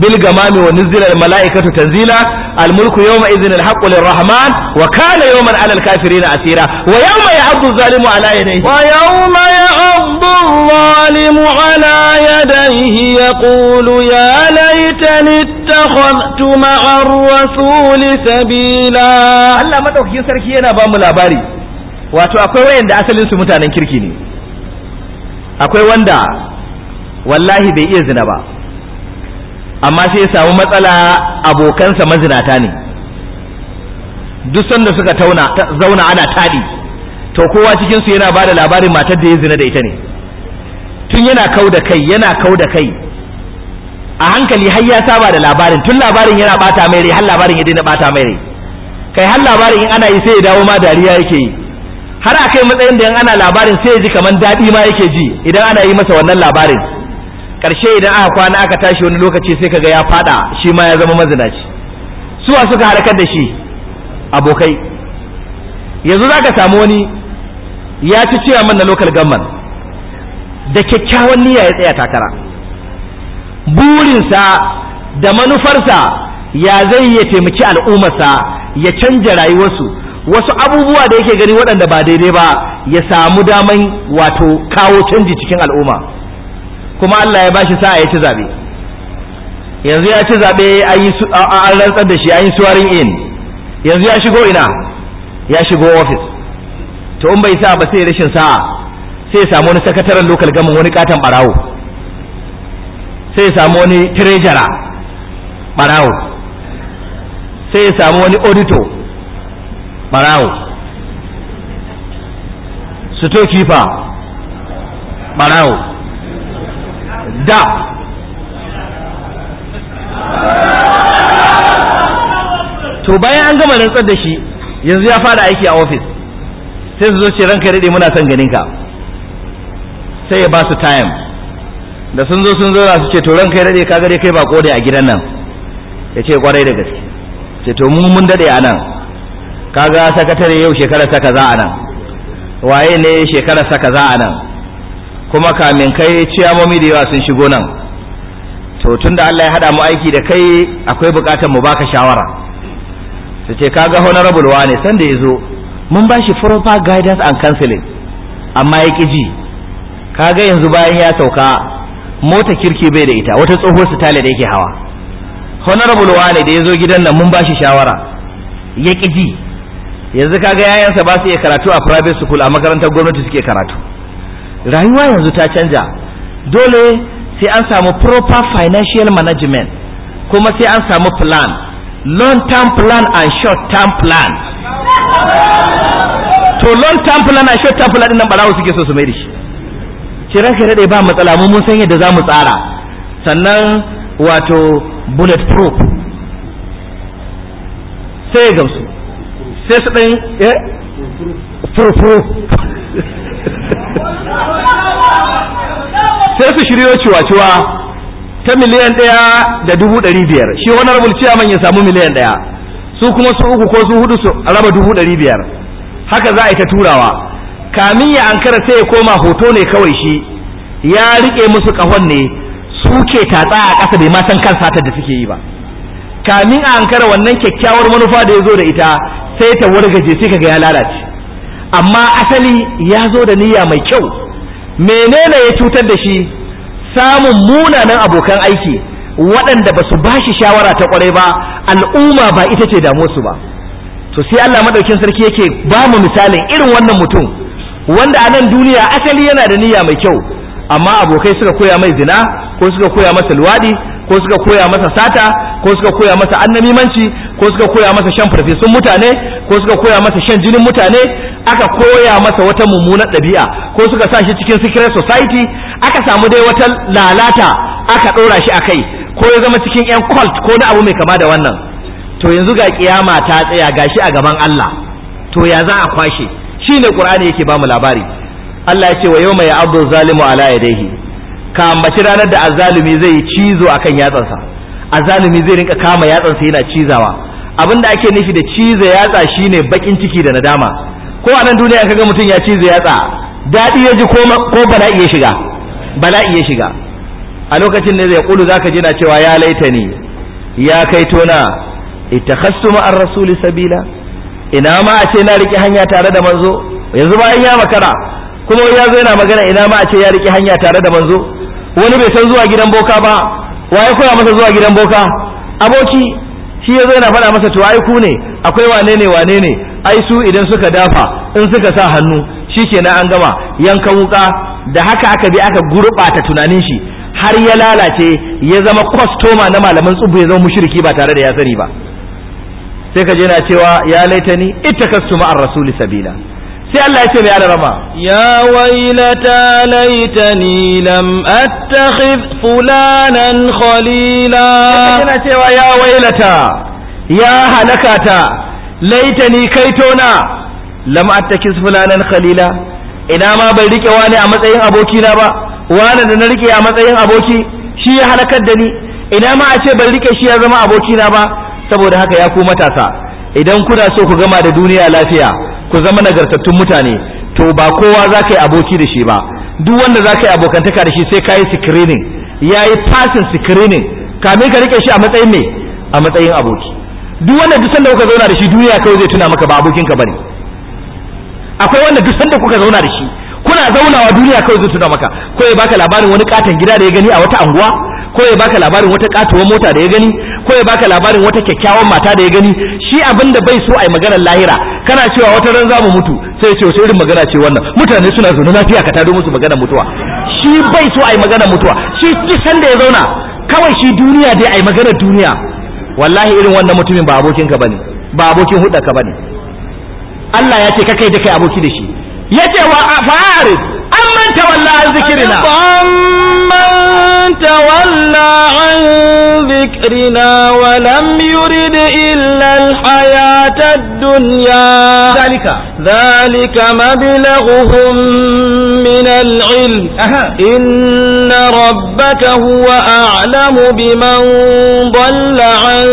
bil gamami wa nuzila al mala'ikatu tanzila al mulku yawma idhin al haqqu lir rahman wa kana yawman 'ala al kafirin asira wa yawma ya'addu zalimu 'ala yadayhi wa yawma ya'addu zalimu 'ala yadayhi yaqulu ya laitani ittakhadtu ma'a ar-rasul sabila Allah madaukakin sarki yana ba mu labari wato akwai wayanda asalin su mutanen kirki ne akwai wanda wallahi bai iya zina ba amma sai ya samu matsala abokansa mazinata ne duk sanda suka tauna zauna ana taɗi to kowa cikinsu yana bada labarin matar da ya zina da ita ne tun yana kau da kai yana kau da kai a hankali har ya saba da labarin tun labarin yana bata mai rai har labarin ya daina bata mai rai kai har labarin in ana yi sai ya dawo ma dariya yake yi har a kai matsayin da in ana labarin sai ya ji kamar daɗi ma yake ji idan ana yi masa wannan labarin Karshe idan aka kwana aka tashi wani lokaci sai kaga ya fada shi ma ya zama mazinaci suwa suka halakar da shi abokai yanzu za ka samu wani ya ci cewa man na local government da kyakkyawan niyya ya tsaya takara burinsa da manufarsa ya zai ya taimaki al'ummarsa ya canja rayuwarsu wasu abubuwa da yake gani waɗanda ba daidai ba ya samu daman wato kawo canji cikin al'umma kuma Allah ya bashi sa'a ya ci zabe yanzu ya ci zabe an rantsar da shi an yi suwarin in yanzu ya shigo ina ya shigo office to in bai sa ba sai rashin sa'a sai ya samu wani sakataren lokal gamin wani katon barawo sai ya samu wani treasurer barawo sai ya samu wani auditor barawo storekeeper barawo da to bayan an gama rantsar da shi yanzu ya fara aiki a ofis sai su zo ce ranka daɗe muna son ganin ka sai ya ba su time da sun zo sun zo su ce to ranka ya daɗe ka gare kai ba kodai a gidan nan ya ce kwarai da gaske ce to mu mun daɗe a nan kaga sakatare yau shekarar saka za a nan waye ne shekarar saka za a nan kuma kamin kai ciyamomi da yawa sun shigo nan to tun da Allah ya hada mu aiki da kai akwai bukatar mu baka shawara su ce kaga honorable wane sanda ya zo mun ba shi proper guidance and counseling amma ya ƙi ji kaga yanzu bayan ya sauka mota kirki bai da ita wata tsohuwar su tale da yake hawa honorable wane da yazo gidan nan mun ba shi shawara ya ƙi ji yanzu kaga yayansa ba su iya karatu a private school a makarantar gwamnati suke karatu rayuwa yanzu ta canja dole sai an samu proper financial management kuma sai an samu plan long term plan and short term plan to long term plan and short term plan din nan barawo suke so su mai da shi kiran kai dai ba matsala mu mun san yadda za mu tsara sannan wato bullet proof sai gamsu sai su ɗan eh proof sai su shiryo ciwa-ciwa ta miliyan ɗaya da dubu ɗari biyar shi wani rabul ciyaman ya samu miliyan ɗaya su kuma su uku ko su hudu su raba dubu ɗari biyar haka za a yi ta turawa kamin ya ankara sai ya koma hoto ne kawai shi ya riƙe musu ƙahon ne su ke tatsa a ƙasa bai ma san kan satar da suke yi ba kamin a ankara wannan kyakkyawar manufa da ya zo da ita sai ta wargaje sai ga ya lalace amma asali ya zo da niyya mai kyau menene ya cutar da shi samun munanan abokan aiki waɗanda ba su ba shi shawara ta ƙwarai ba al'umma ba ita ce damuwarsu ba to sai Allah madaukin sarki yake ba mu misalin irin wannan mutum wanda a nan duniya asali yana da niyya mai kyau amma abokai suka koya mai zina ko suka koya masa luwaɗi ko suka koya masa sata ko suka koya masa annamimanci ko suka koya masa shan farfesun mutane ko suka koya masa shan jinin mutane aka koya masa wata mummunar ɗabi'a ko suka sa shi cikin secret society aka samu dai wata lalata aka ɗora shi a kai ko ya zama cikin yan cult ko na abu mai kama da wannan to yanzu ga kiyama ta tsaya gashi a gaban Allah to ya za a kwashe shine qur'ani yake ba mu labari Allah ya ce wa yawma ya'budu zalimu ala yadayhi kamaci ranar da azalumi zai yi cizo kan yatsansa azalumi zai rinka kama yatsansa yana cizawa abin da ake nufi da ciza yatsa shine bakin ciki da nadama ko a nan duniya kaga mutum ya ciza yatsa daɗi ya ji ko bala'i ya shiga bala'i ya shiga a lokacin ne zai kulu zaka ji na cewa ya laita ni ya kai tona itakhassuma ar-rasul sabila ina ma a ce na riki hanya tare da manzo yanzu bayan ya makara kuma ya zo yana magana ina ma a ce ya riki hanya tare da manzo wani bai san zuwa gidan boka ba wa ya koya masa zuwa gidan boka aboki shi ya zo yana faɗa masa to ai ku ne akwai wane ne wane ne ai su idan suka dafa in suka sa hannu shi ke na an gama yanka wuka da haka aka bi aka gurɓata tunanin shi har ya lalace ya zama kwastoma na malaman tsubu ya zama mushriki ba tare da ya sani ba sai ka je na cewa ya laitani kastuma an rasuli sabila sai Allah ya ce mai rama ya wailata ni lam attakhidh fulanan khalila yana cewa ya wailata ya ta, laita halaka ni laitani kaitona lam attakiz fulanan khalila ina ma bai rike wani a matsayin aboki na ba wani da na rike a matsayin aboki shi ya halakar da ni ina ma a ce bai rike shi ya zama aboki na ba saboda haka ya ku matasa idan kuna so ku gama da duniya lafiya ku zama nagartattun mutane to ba kowa za ka yi aboki da shi ba duk wanda za ka yi abokantaka da shi sai ka yi screening ya yi passing screening kamin ka rike shi a matsayin me a matsayin aboki duk wanda duk sanda kuka zauna da shi duniya kawai zai tuna maka ba abokinka bane akwai wanda duk sanda kuka zauna da shi kuna zaunawa duniya kawai zai tuna maka ko ya baka labarin wani katon gida da ya gani a wata anguwa ko ya baka labarin wata katuwar mota da ya gani ko ya baka labarin wata kyakkyawan mata da ya gani shi abinda da bai so a yi maganar lahira kana cewa wata ran za mu mutu sai ya ce wace irin magana ce wannan mutane suna zaune lafiya ka tado musu maganar mutuwa shi bai so a yi maganar mutuwa shi kisan da ya zauna kawai shi duniya dai a yi maganar duniya wallahi irin wannan mutumin ba abokinka bane ba abokin ka bane Allah ya ce kakai da kai aboki da shi yace wa fa'arid amman tawalla an zikrina amman ذكرنا ولم يرد إلا الحياة الدنيا ذلك ذلك مبلغهم من العلم أها. إن ربك هو أعلم بمن ضل عن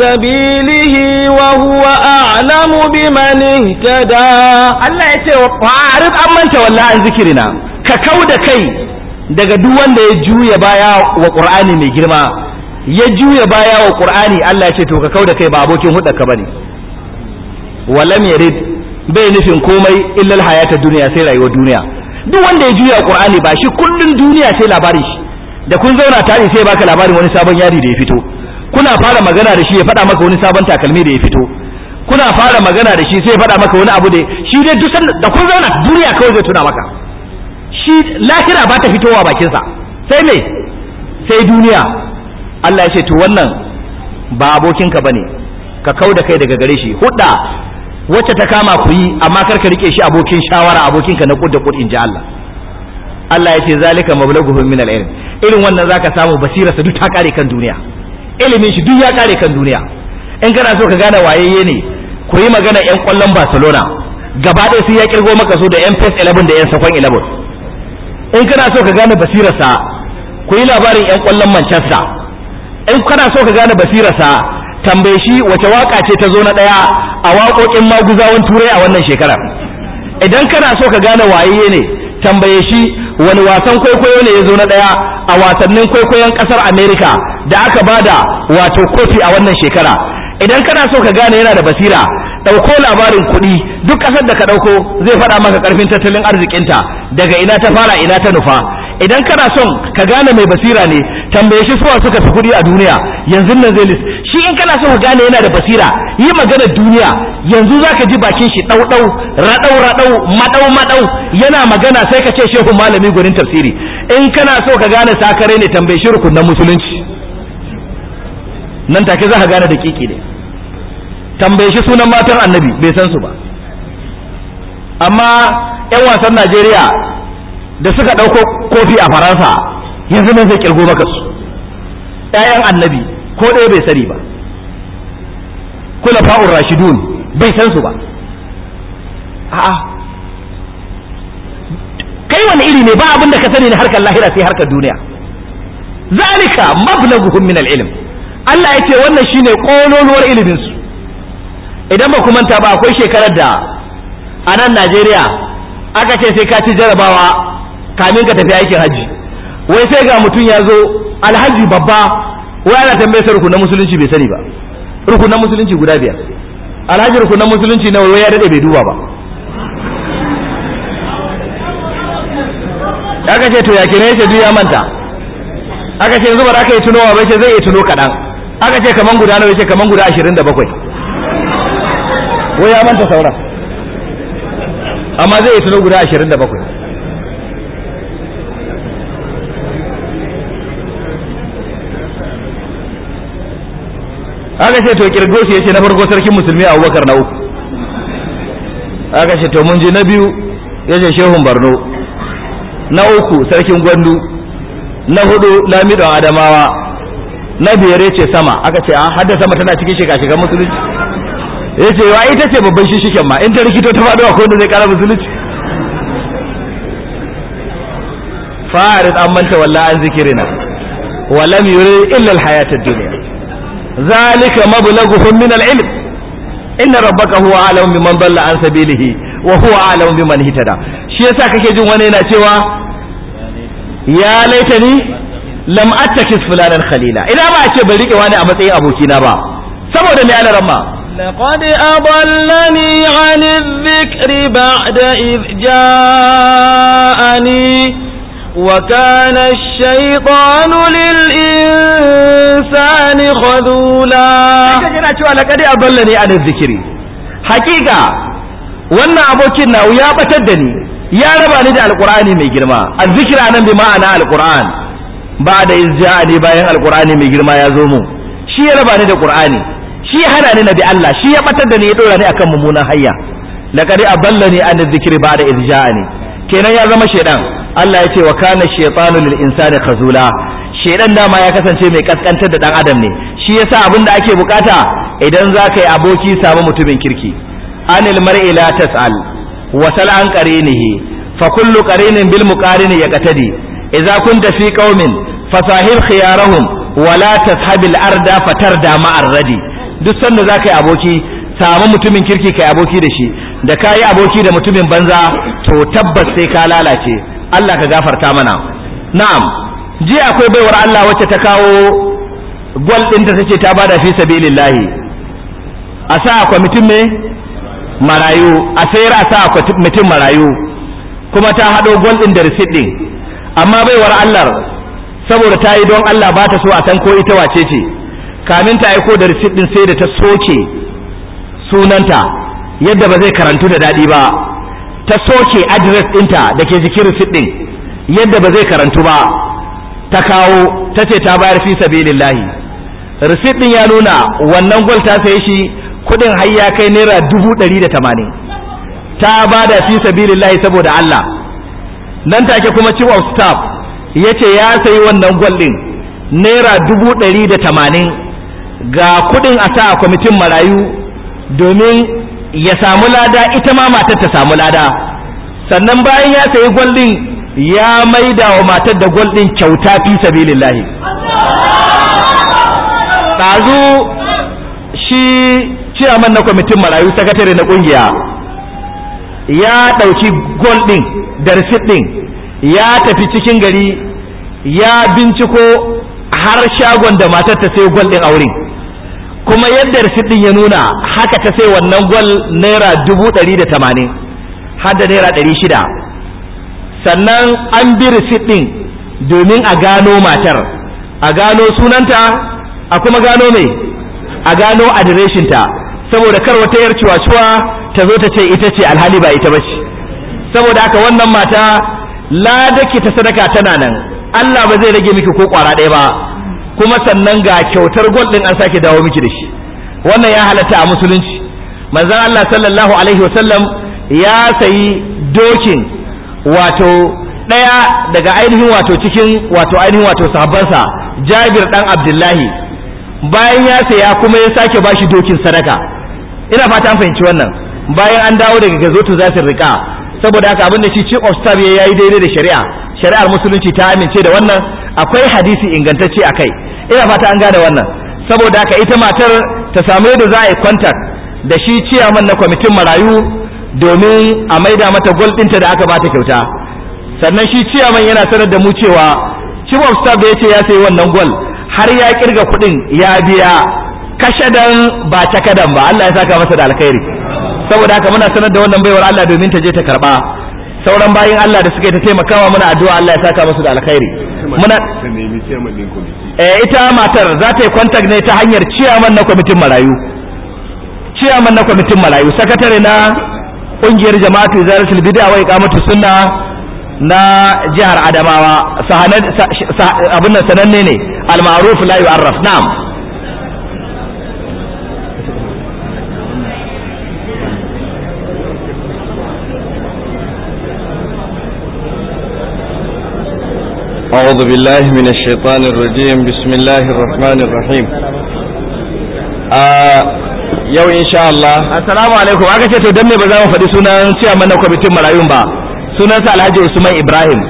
سبيله وهو أعلم بمن اهتدى الله يتوقع وعارض أمن تولى عن ذكرنا ككود كي daga duk wanda ya juya baya wa ƙur'ani mai girma ya juya baya wa qur'ani Allah ya ce to ka kauda kai ba abokin hudda ka bane walam yarid bai nufin komai illal hayata duniya sai rayuwar duniya duk wanda ya juya qur'ani ba shi kullun duniya sai labari. shi da kun zauna tare sai baka labarin wani sabon yari da ya fito kuna fara magana da shi ya faɗa maka wani sabon takalmi da ya fito kuna fara magana da shi sai ya faɗa maka wani abu da shi dai duk da kun zauna duniya kawai zai tuna maka shi lahira ba ta fitowa bakinsa sai me sai duniya Allah ya ce to wannan ba abokinka bane ka kau da kai daga gare shi hudda wacce ta kama ku yi amma kar ka rike shi abokin shawara abokinka na kud da kud inji Allah Allah ya ce zalika mablaghuhum min al-ilm irin wannan zaka samu basira sa duk ta kare kan duniya ilimin shi duk ya kare kan duniya in kana so ka gane wayayye ne ku yi magana yan kwallon Barcelona gaba ɗaya sun ya kirgo maka su da MPS 11 da yan Sakon 11 in kana so ka gane basirarsa ku yi labarin 'yan kwallon Manchester in kana so ka gane basirarsa tambaye shi wace waka ce ta zo na daya a waƙoƙin maguzawan turai a wannan shekara idan kana so ka gane waye ne tambaye shi wani wasan kwaikwayo ne ya zo na daya a wasannin kwaikwayon ƙasar america da aka bada wato kofi a wannan shekara idan kana so ka gane yana da basira ɗauko labarin kuɗi duk ƙasar da ka ɗauko zai faɗa maka ƙarfin tattalin arzikinta daga ina ta fara ina ta nufa idan kana son ka gane mai basira ne tambaye shi suwa suka fi kuɗi a duniya yanzu nan zai lis shi in kana son ka gane yana da basira yi magana duniya yanzu za ka ji bakin shi ɗau ɗau raɗau raɗau maɗau maɗau yana magana sai ka ce shehu malami gurin tafsiri in kana so ka gane sakare ne tambaye shi rukunan musulunci nan take za ka gane da kiki ne tambaye shi sunan matan annabi bai san su ba amma 'yan wasan najeriya da suka ɗauko kofi a faransa yanzu nan zai kirgo maka su ɗayan annabi ko ɗaya bai sani ba kula fa'ur rashidun bai san su ba a'a kai wani iri ne ba abin da ka sani ne harkar lahira sai harkar duniya zalika mablaghuhum min al-ilm Allah yake wannan shine kololuwar ilimin su idan ba ku manta ba akwai shekarar da a nan Najeriya aka ce sai ka ci jarabawa kamin ka tafi aikin haji wai sai ga mutum ya zo alhaji babba wai ana tambayar sa rukunan musulunci bai sani ba rukunan musulunci guda biyar alhaji rukunan musulunci na wai ya dade bai duba ba aka ce to ya kira yace duk ya manta aka ce yanzu ba za ka yi tunowa ba ce zai iya tuno kaɗan aka ce kaman guda nawa ce kaman guda ashirin da bakwai wai ya manta sauran amma zai iya tuno guda ashirin da bakwai aka ce to kirgo shi yace na farko sarkin musulmi Abubakar na uku aka ce to mun ji na biyu yace shehun Barno na uku sarkin Gwandu na hudu Lamido Adamawa na biyar yace sama aka ce an hadda sama tana cikin shika-shikan musulunci yace wa ita ce babban shishiken ma in ta rikito ta faɗo akwai wanda zai kara musulunci farid an manta wallahi an zikirina wa lam yuri illa al-hayatad dunya zalika mablaguhum min al-ilm inna rabbaka huwa a'lamu biman dalla an sabilihi wa huwa a'lamu biman hitada shi yasa kake jin wani yana cewa ya laitani lam attakis fulanan khalila ina ba a ce bari rike wani a matsayin abokina ba saboda me alaran ma لقد أضلني عن الذكر بعد إذ جاءني وكان الشيطان للإنسان خذولا كنا cewa laqad aballani an zikiri hakika wannan abokin nawo ya batar da ni ya raba da alqur'ani mai girma azzikira nan bi ma'ana alqur'an ba da izja'ani bayan alqur'ani mai girma ya zo mu shi ya raba da ƙur'ani, shi hana ni na bi Allah shi ya batar da ni ya dora ni akan mummunan hayya laqad aballani an zikiri ba da ni. kenan ya zama shedan Allah ya ce wa kana shaytanu lil insani khazula shedan dama ya kasance mai kaskantar da dan adam ne shi yasa abin da ake bukata idan za ka yi aboki samu mutumin kirki anil mar'i la tas'al wa sal an qarinihi fa kullu qarinin bil muqarini yaqtadi idza kunta fi qaumin fasahib khiyarahum wa la tashabil arda fatarda ma'ar radi duk sanda za ka yi aboki samu mutumin kirki kai aboki da shi da ka yi aboki da mutumin banza to tabbas sai ka lalace Allah ka gafarta mana na'am jiya akwai baiwar Allah wacce ta kawo gwal ɗinta ta tace ta bada fi sabilillahi a sa a kwamitin me marayu a sayar a sa a kwamitin marayu kuma ta haɗo gwal ɗin da risit ɗin amma baiwar Allah saboda ta yi don Allah ba ta so a san ko ita wace ce kamin ta aiko da risit ɗin sai da ta soke sunanta yadda ba zai karantu da daɗi ba ta soke adres ɗinta da ke jikin receipt ɗin yadda ba zai karantu ba ta kawo ta ce ta bayar fi sabilillahi receipt ɗin ya nuna wannan gwal ta saye shi kuɗin har kai naira dubu ɗari da tamanin ta ba da fi sabilillahi saboda Allah nan take kuma chief of staff ya ce ya sayi wannan gwal ɗin naira dubu ɗari da tamanin ga kuɗin a sa a kwamitin marayu domin ya samu lada ita ma matar ta samu lada sannan bayan ya sayi gwal din ya maida wa matar da gwal din kyauta fi sabilillahi ɗazu shi ciyaman na kwamitin marayu sakatare na ƙungiya ya ɗauki gwal ɗin da risit ɗin ya tafi cikin gari ya binciko har shagon da matar ta sai gwal ɗin a wurin kuma yadda risit ɗin ya nuna haka ta sai wannan gwal naira dubu ɗari da tamanin har naira ɗari shida sannan an bi risit ɗin domin a gano matar a gano sunanta a kuma gano mai a gano adireshinta saboda kar wata yar cuwa-cuwa ta zo ta ce ita ce alhali ba ita ce, saboda haka wannan mata ladaki ta sadaka tana nan Allah ba zai rage miki ko kwara ɗaya ba kuma sannan ga kyautar gold din an sake dawo miki da shi wannan ya halatta a musulunci manzon Allah sallallahu alaihi wasallam ya sayi dokin wato daya daga ainihin wato cikin wato ainihin wato sahabbansa Jabir dan Abdullahi bayan ya saya kuma ya sake bashi dokin sadaka ina fata an fahimci wannan bayan an dawo daga gazotu za su rika saboda haka abin da shi chief of staff ya yi daidai da shari'a shari'ar musulunci ta amince da wannan akwai hadisi ingantacce a kai ina fata an gane wannan saboda haka ita matar ta samu yadda za a yi kwantar da shi ciyaman na kwamitin marayu domin a maida mata gol ɗinta da aka bata kyauta sannan shi ciyaman yana sanar da mu cewa chief of staff da ya ce ya sayi wannan gol har ya kirga kuɗin ya biya kashadan ba takadan ba Allah ya saka masa da alkhairi saboda haka muna sanar da wannan baiwar Allah domin ta je ta karba sauran bayin Allah da suke ta taimakawa muna addu'a Allah ya saka musu da alkhairi muna eh ita matar za ta yi contact ne ta hanyar ciyaman na kwamitin marayu ciyaman na kwamitin marayu sakatare na kungiyar jama'atu zaratul bid'a wa iqamatu sunna na jihar Adamawa sahanan abin nan sananne ne al-ma'ruf la yu'arraf na'am أعوذ بالله yau insha Allah assalamu alaikum aka ce to dan me ba za mu faɗi sunan ciyaman mana kwamitin marayun ba sunansa Alhaji Usman Ibrahim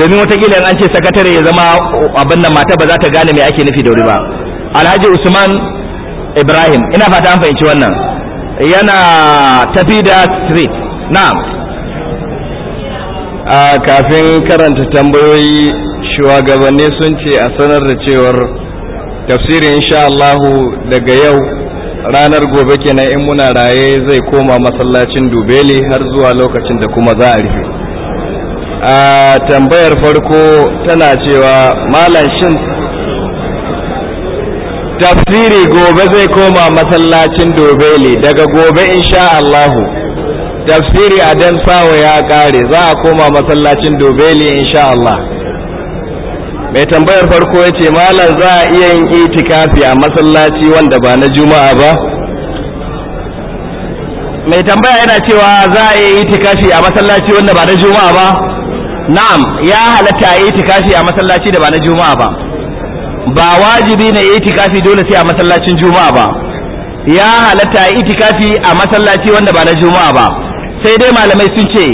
domin watakila an ce sakatare ya zama abin nan mata ba za ta gane me ake nufi da wuri ba Alhaji Usman Ibrahim ina fata an fahimci wannan yana tafi da street na? a kafin karanta tambayoyi shugabanni sun ce a sanar da cewar tafsiri insha Allahu daga yau ranar gobe kenan in muna raye zai koma masallacin dubeli har zuwa lokacin da kuma za a rufe a tambayar farko tana cewa malam shin tafsiri gobe zai koma masallacin dubeli daga gobe insha Allahu tafsiri a dan ya kare za a koma masallacin dubeli insha Allah mai tambayar farko ya ce malam za a iya yin itikafi a masallaci wanda ba na juma'a ba mai tambaya yana cewa za a iya itikafi a masallaci wanda ba na juma'a ba na'am ya halatta a itikafi a masallaci da ba na juma'a ba ba wajibi na itikafi dole sai a masallacin juma'a ba ya halatta a itikafi a masallaci wanda ba na juma'a ba sai dai malamai sun ce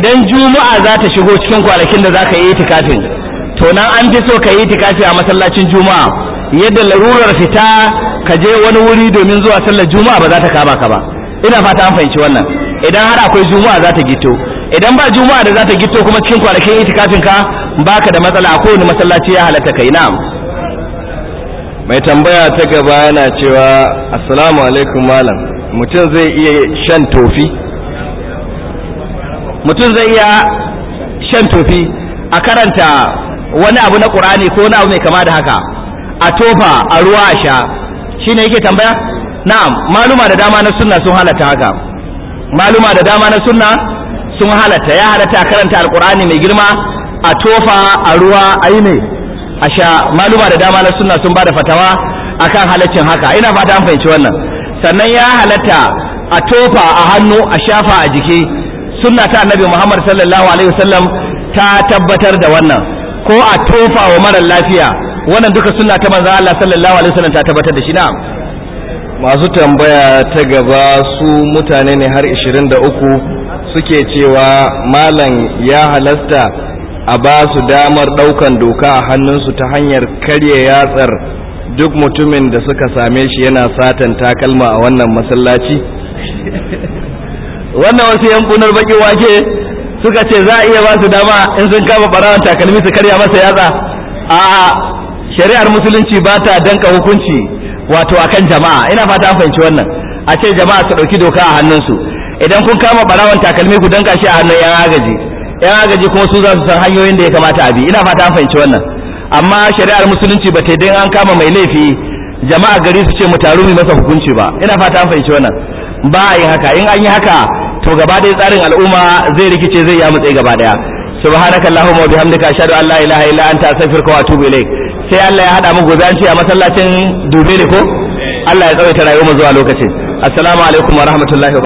idan juma'a za ta shigo cikin kwanakin da za ka yi itikafin to nan an fi so ka yi itikafi a masallacin juma'a yadda larurar fita ka je wani wuri domin zuwa sallar juma'a ba za ta kama ka ba ina fata an fahimci wannan idan har akwai juma'a za ta gito idan ba juma'a da za ta gito kuma cikin kwanakin itikafin ka baka da matsala akwai wani masallaci ya halatta kai na'am mai tambaya ta gaba yana cewa assalamu alaikum malam mutum zai iya shan tofi mutum zai iya shan tofi a karanta wani abu na qur'ani ko wani abu mai kama da haka a tofa a ruwa a sha shine yake tambaya na'am maluma da dama na sunna sun halatta haka maluma da dama na sunna sun halatta ya halatta karanta alqur'ani mai girma a tofa a ruwa a yi ne a sha maluma da dama na sunna sun bada fatawa akan halaccin haka ina fata an fahimci wannan sannan ya halatta a tofa a hannu a shafa a jiki sunna ta annabi Muhammad sallallahu alaihi wasallam ta tabbatar da wannan ko a tofa wa marar lafiya wannan duka suna ta manzan Allah sallallahu alaihi wasallam ta tabbatar da shi na. masu tambaya ta gaba su mutane ne har 23 suke cewa malam ya halasta a ba su damar daukan doka a hannunsu ta hanyar karya yatsar duk mutumin da suka same shi yana satan takalma a wannan masallaci wannan wasu yankunar baƙin wake suka ce za a iya ba su dama in sun kama barawan takalmi su karya masa yatsa a shari'ar musulunci ba ta danka hukunci wato akan jama'a ina fata an fahimci wannan a ce jama'a su ɗauki doka a hannunsu idan kun kama barawan takalmi ku danka shi a hannun yan agaji yan agaji kuma su za su san hanyoyin da ya kamata a bi ina fata an fahimci wannan amma shari'ar musulunci ba ta yi an kama mai laifi jama'a gari su ce mu taru mu masa hukunci ba ina fata an fahimci wannan ba a yi haka in an yi haka to gaba ɗaya tsarin al'umma zai rikice zai yamutse gaba ɗaya subhanakallahumma wa bihamdika ashhadu an la ilaha illa anta astaghfiruka wa atubu ilaik sai Allah ya hada mu gobe an ce a masallacin Dube ne ko Allah ya tsawaita rayuwar mu zuwa lokacin assalamu alaikum wa rahmatullahi